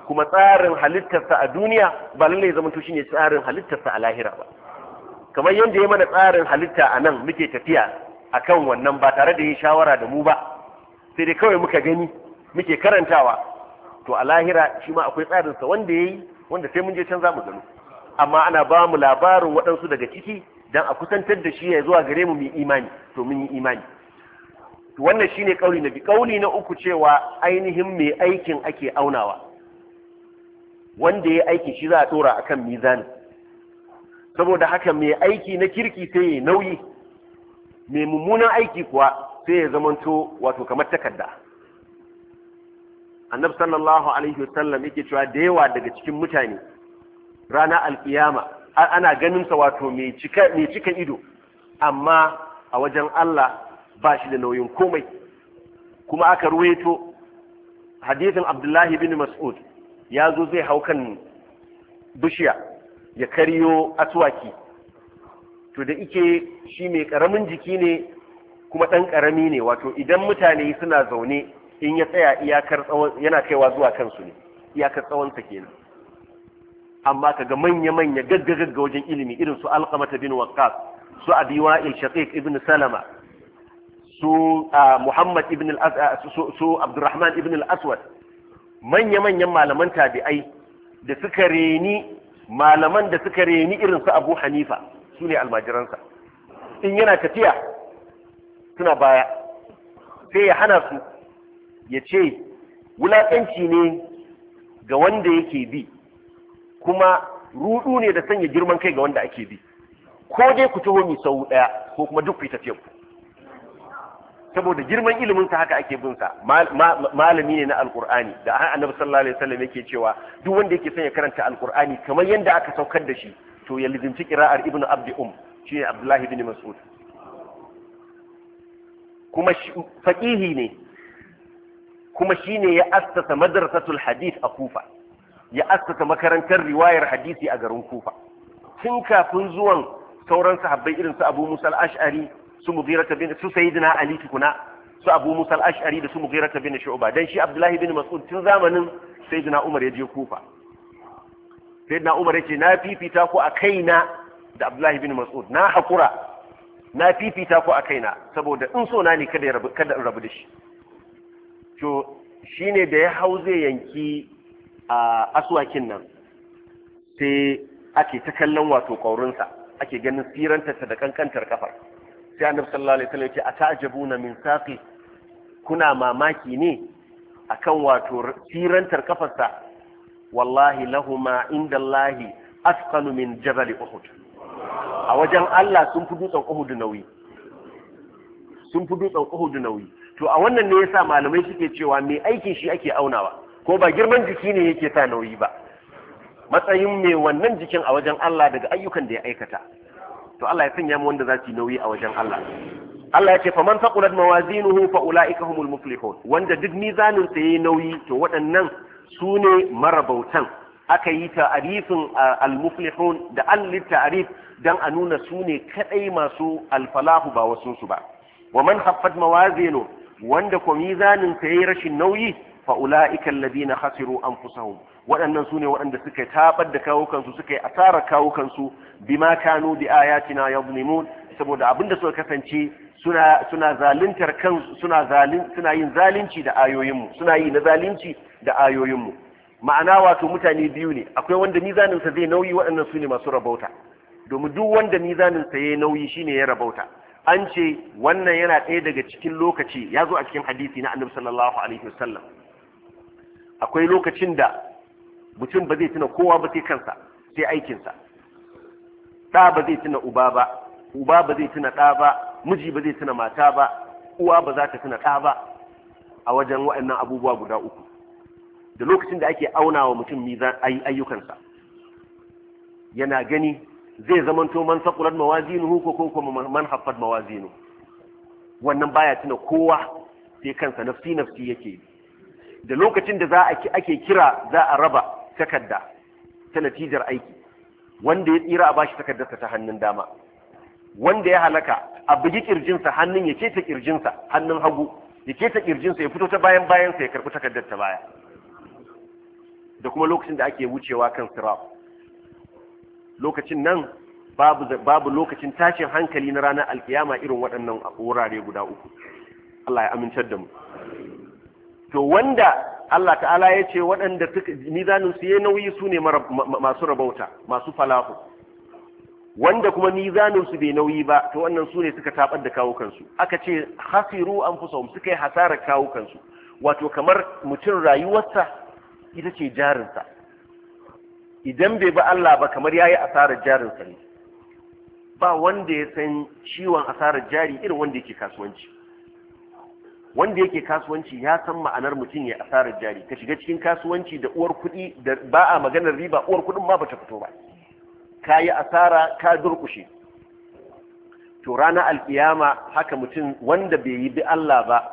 Speaker 1: kuma tsarin halittarsa a duniya ba lalle ya to shine tsarin halittarsa a lahira ba kamar yadda ya mana tsarin halitta a nan muke tafiya akan wannan ba tare da yin shawara da mu ba sai dai kawai muka gani muke karantawa to a lahira shi ma akwai tsarinsa wanda ya yi wanda sai mun je can za mu gano amma ana ba mu labarin waɗansu daga ciki dan a kusantar da shi ya zuwa gare mu mu imani to mun yi imani to wannan shine kauli na bi kauli na uku cewa ainihin mai aikin ake aunawa wanda ya aiki shi za a dora akan mizani saboda haka mai aiki na kirki sai ya nauyi mai mummunan aiki kuwa sai ya zamanto wato kamar takarda annabi sallallahu alaihi wasallam yake cewa da yawa daga cikin mutane rana alkiyama ana ganin sa wato mai cika ido amma a wajen Allah ba shi da nauyin komai kuma aka ruwaito hadisin abdullahi bin mas'ud ya zo zai hau kan bishiya ya kariyo atuwaki to da ike shi mai karamin jiki ne kuma ɗan karami ne wato idan mutane suna zaune in ya tsaya iyakar tsawon yana kaiwa zuwa kansu ne iyakar tsawonsa kenan amma kaga manya-manya gagga-gagga wajen ilimi irin su alkamata bin waqqas su abi wa'il shaqiq ibn salama su Muhammad ibn su Abdurrahman ibn al-Aswad manya-manyan malaman tabi'ai da suka reni malaman da suka reni irin su Abu Hanifa su ne almajiransa in yana tafiya suna baya sai ya hana su ya ce wulaƙanci ne ga wanda yake bi kuma rudu ne da sanya girman kai ga wanda ake bi ko dai ku taho mi sau ɗaya ko kuma duk ku yi saboda girman ilimin sa haka ake bin sa malami ne na alqur'ani da annabi sallallahu alaihi wasallam yake cewa duk wanda yake son ya karanta alqur'ani kamar yanda aka saukar da shi to ya lizinci qira'ar ibnu abdi um ne abdullahi ibn mas'ud kuma faqihi ne kuma shine ya assasa madrasatul hadith a kufa ya assasa makarantar riwayar hadisi a garin kufa tun kafin zuwan sauran sahabbai irin su abu musa ashari su mughirata bin su sayyidina ali tukuna su abu musa al-ash'ari da su mughirata bin shu'ba dan shi abdullahi bin mas'ud tun zamanin sayyidina umar ya je kufa sayyidina umar yace na fifita ku a kaina da abdullahi bin mas'ud na hakura na fifita ku a kaina saboda in so na ne kada ya rabu kada in rabu da shi to shine da ya hau zai yanki a aswakin nan sai ake ta kallon wato ƙaurinsa ake ganin siranta da kankantar kafar sai annabi sallallahu alaihi wasallam ce ata'jabuna min saqi kuna mamaki ne akan wato tirantar kafarsa wallahi lahuma indallahi asqalu min jabal uhud a wajen Allah sun fi dutsen uhud nauyi sun fi dutsen uhud nauyi to a wannan ne yasa malamai suke cewa me aikin shi ake aunawa ko ba girman jiki ne yake sa nauyi ba matsayin mai wannan jikin a wajen Allah daga ayyukan da ya aikata to Allah ya sanya mu wanda za su nauyi a wajen Allah Allah ya ce faman faqulat mawazinuhu fa ulaika humul muflihun wanda duk mizanin sa yayi nauyi to waɗannan sune mara marabautan aka yi ta'arifin al-muflihun da an ta'arif dan a nuna sune kaɗai kadai masu alfalahu ba wasu su ba wa man haffat mawazinu wanda ko mizanin sa yayi rashin nauyi fa ulaika alladhina khasiru anfusahum waɗannan su ne waɗanda suka taɓar da kawukansu suka yi asarar kawukansu bima kanu bi yau nemo saboda abinda suka kasance suna suna yin zalunci da ayoyinmu suna yi na zalunci da ayoyinmu ma'ana wato mutane biyu ne akwai wanda mizaninsa zai nauyi waɗannan su ne masu rabauta domin duk wanda mizaninsa ya nauyi shine ya rabauta an ce wannan yana ɗaya daga cikin lokaci ya zo a cikin hadisi na annabi sallallahu alaihi wasallam akwai lokacin da mutum ba zai tuna kowa ba sai kansa sai aikinsa ɗa ba zai tuna uba ba uba ba zai tuna ɗa ba miji ba zai tuna mata ba uwa ba za ta tuna ɗa ba a wajen waɗannan abubuwa guda uku da lokacin da ake auna wa mutum mizan ayyukansa yana gani zai to man sakulat mawazinu ko kuma man haffar mawazinu wannan baya tuna kowa sai kansa nafsi nafsi yake da lokacin da za ake kira za a raba takarda ta natijar aiki wanda ya tsira a bashi takardarsa ta hannun dama wanda ya halaka a bugi kirjinsa hannun ya keta kirjinsa hannun hagu ya keta kirjinsa ya fito ta bayan bayansa ya karbi takardar ta baya da kuma lokacin da ake wucewa kan sirat lokacin nan babu babu lokacin tashin hankali na ranar alkiyama irin waɗannan wurare guda uku Allah ya amincar da mu to wanda Allah ta'ala ya ce waɗanda mizanin su ya nauyi su ne masu rabauta masu falahu wanda kuma mizanin su bai nauyi ba to wannan su ne suka tabar da kawukansu aka ce hasiru sau suka yi hasara kawukansu wato kamar mutum rayuwarsa ita ce jarinsa idan bai ba Allah ba kamar yayi asarar jarinsa ne ba wanda ya san ciwon asarar jari irin wanda yake kasuwanci wanda yake kasuwanci ya san ma'anar mutum ya asarar jari ka shiga cikin kasuwanci da uwar kuɗi da ba a maganar riba uwar kuɗin ma bata fito ba ka yi asara ka durkushe to rana alkiyama haka mutum wanda bai yi bi Allah ba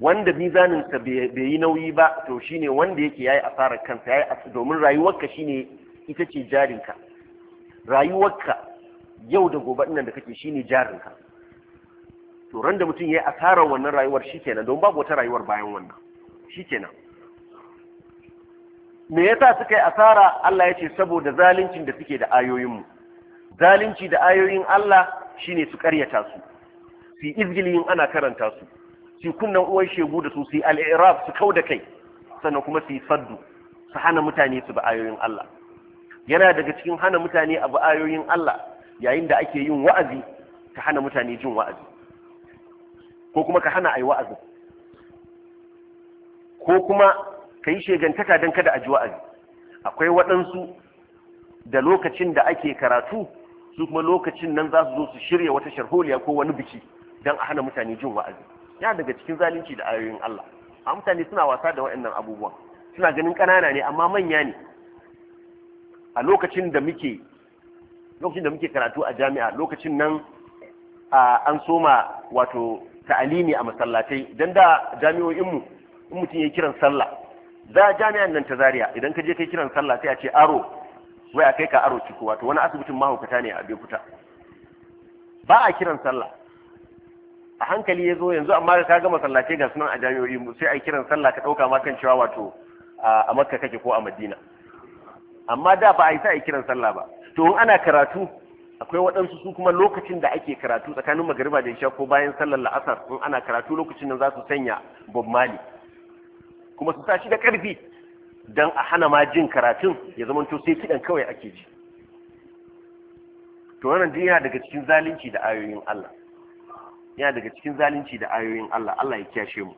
Speaker 1: wanda mizaninsa bai yi nauyi ba to shine wanda yake yayi asarar kansa yayi domin rayuwarka shine ita ce jarinka rayuwarka yau da gobe ɗin da kake shine jarinka to ran da mutum ya yi asarar wannan rayuwar shikenan don babu wata rayuwar bayan wannan shikenan me yasa suka yi asara Allah ya ce saboda zaluncin da suke da ayoyinmu zalunci da ayoyin Allah shine su karyata su su izgilin ana karanta su su kunnan uwan shegu da su su al-i'rab su kauda kai sannan kuma su saddu su hana mutane su bi ayoyin Allah yana daga cikin hana mutane a bi ayoyin Allah yayin da ake yin wa'azi ta hana mutane jin wa'azi ko kuma ka hana a yi wa'azi ko kuma ka yi shegantaka don kada a ji wa'azi akwai waɗansu da lokacin da ake karatu su kuma lokacin nan za su zo su shirya wata sharholiya ko wani biki don a hana mutane jin wa'azi ya daga cikin zalunci da ayoyin Allah a mutane suna wasa da waɗannan abubuwan suna ganin ƙanana ne amma manya ne a lokacin da muke lokacin da muke karatu a jami'a lokacin nan an soma wato ta'alimi a masallatai dan da jami'o'in mu in mutum ya kiran sallah da jami'an nan ta zaria idan ka je kai kiran sallah sai a ce aro wai a kai ka aro ciko wato wani asibitin mahaukata ne a bekuta ba a kiran sallah a hankali ya zo yanzu amma ka ga masallatai ga sunan a jami'o'i sai a kiran sallah ka ɗauka makan cewa wato a makka kake ko a madina amma da ba a yi sa a kiran sallah ba to in ana karatu akwai waɗansu su kuma lokacin da ake karatu tsakanin magariba da isha ko bayan sallar la'asar in ana karatu lokacin nan za su sanya bob mali kuma su sa shi da ƙarfi don a hana ma jin karatun ya zama to sai kiɗan kawai ake ji to wannan duk yana daga cikin zalunci da ayoyin Allah yana daga cikin zalunci da ayoyin Allah Allah ya kiyashe mu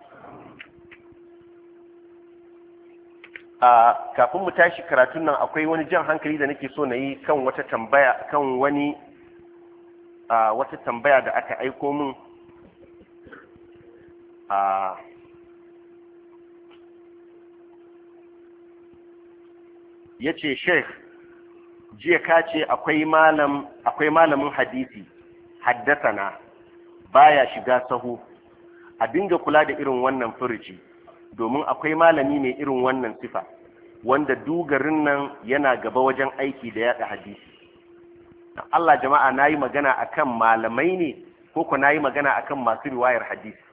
Speaker 1: a kafin mu tashi karatun nan akwai wani jan hankali da nake so na yi kan wata tambaya kan wani a wata tambaya da aka aiko min a ya ce sheikh jiya ka ce akwai malamin hadisi haddasa na baya shiga sahu a dinga kula da irin wannan furici domin akwai malami mai irin wannan sifa wanda dugarin nan yana gaba wajen aiki da yada hadisi Allah jama'a nayi magana akan malamai ne ko ku nayi magana akan masu riwayar hadisi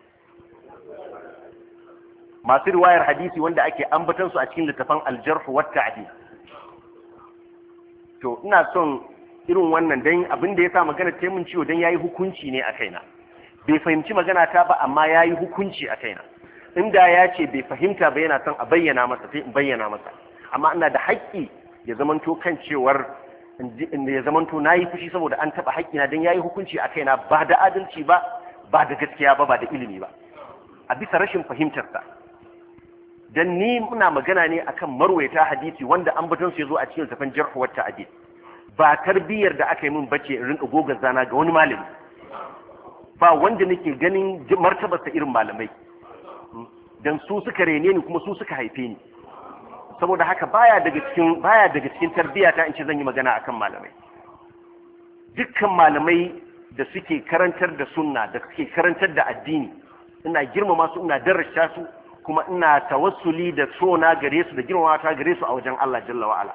Speaker 1: masu riwayar hadisi wanda ake ambatansu a cikin littafan aljarh wa ta'dil to ina son irin wannan dan abin da ya magana ta mun ciwo dan yayi hukunci ne a kaina bai fahimci magana ta ba amma yayi hukunci a kaina inda ya ce bai fahimta ba yana son a bayyana masa sai in bayyana masa amma ina da haƙƙi ya zamanto kan cewar ya zamanto na yi fushi saboda an taɓa haƙƙina don ya yi hukunci a kaina ba da adalci ba ba da gaskiya ba ba da ilimi ba a bisa rashin fahimtarsa don ni muna magana ne akan marwaita hadisi wanda an batun su ya zo a cikin zafin jarhuwar ta'adil ba tarbiyyar da aka yi min bace in rinka gogar zana ga wani malami ba wanda nake ganin martabarsa irin malamai dan su suka rene ni kuma su suka haife ni saboda haka baya daga cikin baya daga cikin tarbiya ta in ce zan yi magana akan malamai dukkan malamai da suke karantar da sunna da suke karantar da addini ina girmama su ina darasha su kuma ina tawassuli da sona gare su da girmama ta gare su a wajen Allah jalla wa ala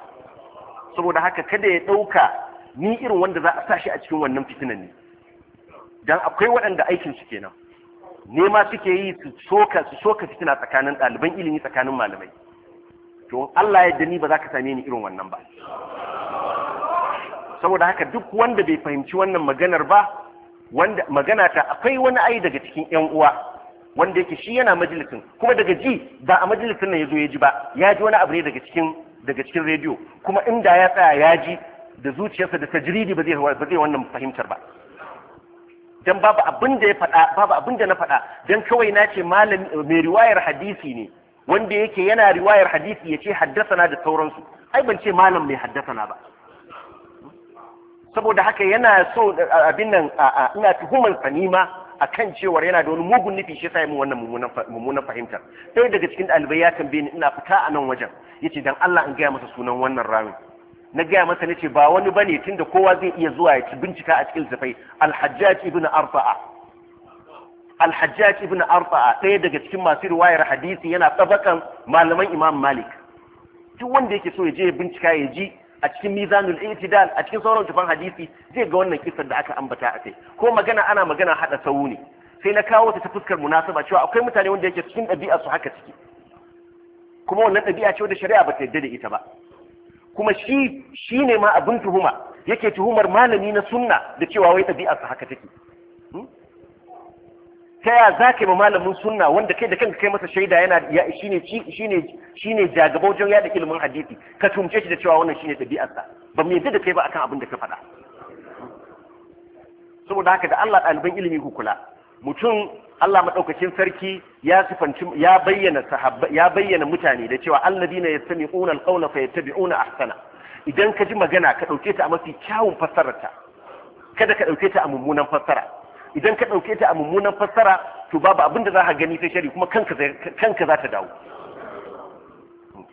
Speaker 1: saboda haka kada ya dauka ni irin wanda za a sa shi a cikin wannan fitinan ne dan akwai waɗanda aikin su kenan nema suke yi su soka su soka fitina tsakanin ɗaliban ilimi tsakanin malamai to Allah ya ni ba za ka same ni irin wannan ba saboda haka duk wanda bai fahimci wannan maganar ba wanda magana ta akwai wani ai daga cikin yan uwa wanda yake shi yana majalisin kuma daga ji ba a majalisin nan yazo ya ji ba ya ji wani abu ne daga cikin rediyo kuma inda ya tsaya ya ji da zuciyarsa da tajridi ba zai ba wannan fahimtar ba dan babu abin da ya faɗa babu abin da na faɗa dan kawai na ce malami mai riwayar hadisi ne wanda yake yana riwayar hadisi ya ce haddasana da sauransu ai ban ce malam mai haddasana ba saboda haka yana so abin nan ina tuhumar sanima a kan cewar yana da wani mugun nufi shi sai mu wannan mummunan fahimtar sai daga cikin ɗalibai ya tambaye ni ina fita a nan wajen ya ce dan Allah in gaya masa sunan wannan ramin na gaya masa nace ba wani bane tunda kowa zai iya zuwa ya ci bincika a cikin littafai al ibn arfa'a al ibn arfa'a ɗaya daga cikin masu riwayar hadisi yana tsabakan malaman imam malik duk wanda yake so ya je ya bincika ya ji a cikin mizanul i'tidal a cikin sauran tufan hadisi zai ga wannan kisar da aka ambata a kai ko magana ana magana hada sawu ne sai na kawo ta ta fuskar munasaba cewa akwai mutane wanda yake cikin ɗabi'a su haka ciki kuma wannan ɗabi'a ce da shari'a ba ta yarda da ita ba kuma shi shi ne ma abin tuhuma yake tuhumar malami na sunna da cewa wai ɗabi'arsa haka take hmm? ta ya za ka malamin sunna wanda kai da kanka kai masa shaida yana shine shine shine jagaba wajen yada ilimin hadisi ka tumce shi da cewa wannan shine ɗabi'arsa ba mu yadda da kai ba akan abin da ka faɗa saboda haka da Allah ɗaliban ilimi ku kula mutum Allah maɗaukakin sarki ya sifanci ya bayyana sahabba ya bayyana mutane da cewa alladina yastami'una alqawla fayattabi'una ahsana idan ka ji magana ka ɗauke ta a mafi kyawun fassararta kada ka ɗauke ta a mummunan fassara idan ka ɗauke ta a mummunan fassara to babu abin da za ka gani ta shari kuma kanka za ta dawo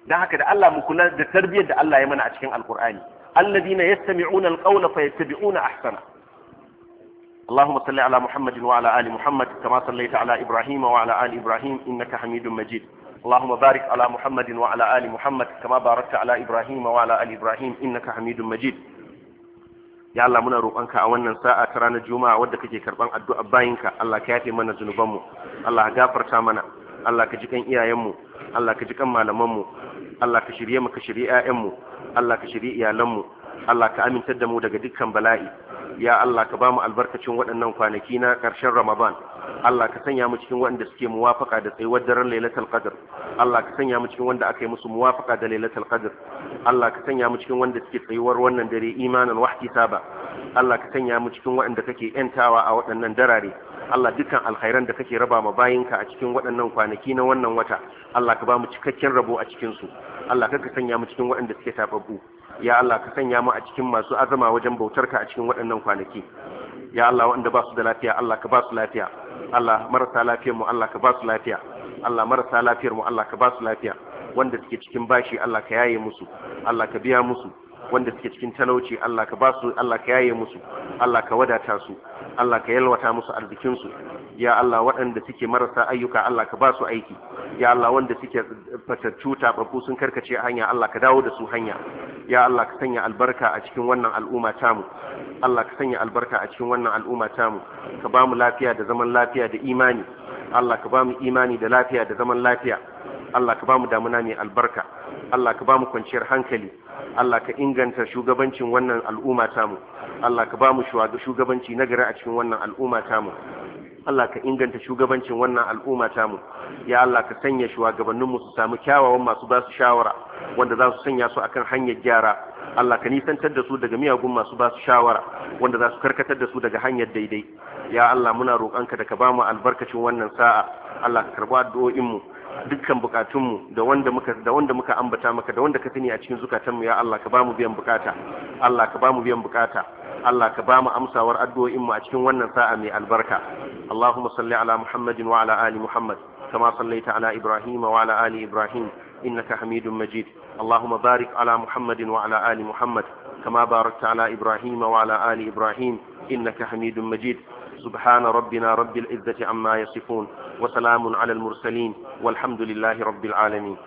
Speaker 1: don haka da Allah mu kula da tarbiyyar da Allah ya mana a cikin alqur'ani alladina yastami'una alqawla fayattabi'una ahsana اللهم صل على محمد وعلى آل محمد كما صليت على إبراهيم وعلى آل إبراهيم إنك حميد مجيد اللهم بارك على محمد وعلى آل محمد كما باركت على إبراهيم وعلى آل إبراهيم إنك حميد مجيد ya Allah roƙonka a wannan sa'a ta ranar juma'a wadda kake karban addu'a bayinka Allah ka yafe mana zunubanmu Allah ka gafarta mana Allah ka ji kan iyayenmu Allah ka ji kan malamanmu Allah ka shirye mu ka shirye 'ya'yanmu ka iyalanmu Allah ka aminta da mu daga dukkan bala'i ya Allah ka bamu albarkacin waɗannan kwanaki na ƙarshen Ramadan Allah ka sanya mu cikin waɗanda suke muwafaka da tsayuwar daren Lailatul Qadr Allah ka sanya mu cikin wanda aka yi musu muwafaka da Lailatul Qadr Allah ka sanya mu cikin wanda suke tsayuwar wannan dare imanin wahdi saba Allah ka sanya mu cikin waɗanda kake yantawa a waɗannan darare Allah dukkan alkhairan da kake raba ma bayinka a cikin waɗannan kwanaki na wannan wata Allah ka ba mu cikakken rabo a cikin su Allah ka sanya mu cikin waɗanda suke tafabbu. ya Allah ka sanya mu a cikin masu azama wajen bautar ka a cikin waɗannan kwanaki ya Allah wanda ba su da lafiya Allah ka ba su lafiya Allah marasa lafiyar mu Allah ka ba su lafiya Allah marasa lafiyar mu Allah ka ba su lafiya wanda suke cikin bashi Allah ka yaye musu Allah ka biya musu wanda suke cikin talauci Allah ka ba su Allah ka yaye musu Allah ka wadata su Allah ka yalwata musu arzikin su ya Allah waɗanda suke marasa ayyuka Allah ka ba su aiki ya Allah wanda suke fatattu tababbu sun karkace hanya Allah ka dawo da su hanya ya Allah ka sanya albarka a cikin wannan al'umma tamu Allah ka sanya albarka a cikin wannan al'umma tamu ka ba mu lafiya da zaman lafiya da imani Allah ka ba mu imani da lafiya da zaman lafiya Allah ka ba mu damuna mai albarka Allah ka ba mu kwanciyar hankali Allah ka inganta shugabancin wannan al'umma tamu Allah ka ba mu shugabanci nagari a cikin wannan al'umma tamu Allah ka inganta shugabancin wannan al'umma mu. ya Allah ka sanya shugabannin mu su samu kyawawan masu ba su shawara wanda za su sanya su akan hanyar gyara Allah ka nisantar da su daga miyagun masu ba su shawara wanda za su karkatar da su daga hanyar daidai ya Allah muna roƙonka da ka ba mu albarkacin wannan sa'a Allah ka karɓi addu'o'in mu dukkan bukatunmu da wanda muka da wanda muka ambata maka da wanda ka sani a cikin zukatanmu ya Allah ka ba mu biyan bukata Allah ka ba mu biyan bukata Allah ka ba mu amsawar addu'o'in mu a cikin wannan sa'a mai albarka Allahumma salli ala Muhammadin wa ala ali Muhammad kama sallaita ala Ibrahim wa ala ali Ibrahim innaka Hamidum Majid Allahumma barik ala Muhammadin wa ala ali Muhammad kama barakta ala Ibrahim wa ala ali Ibrahim innaka Hamidum Majid سبحان ربنا رب العزة عما يصفون وسلام على المرسلين والحمد لله رب العالمين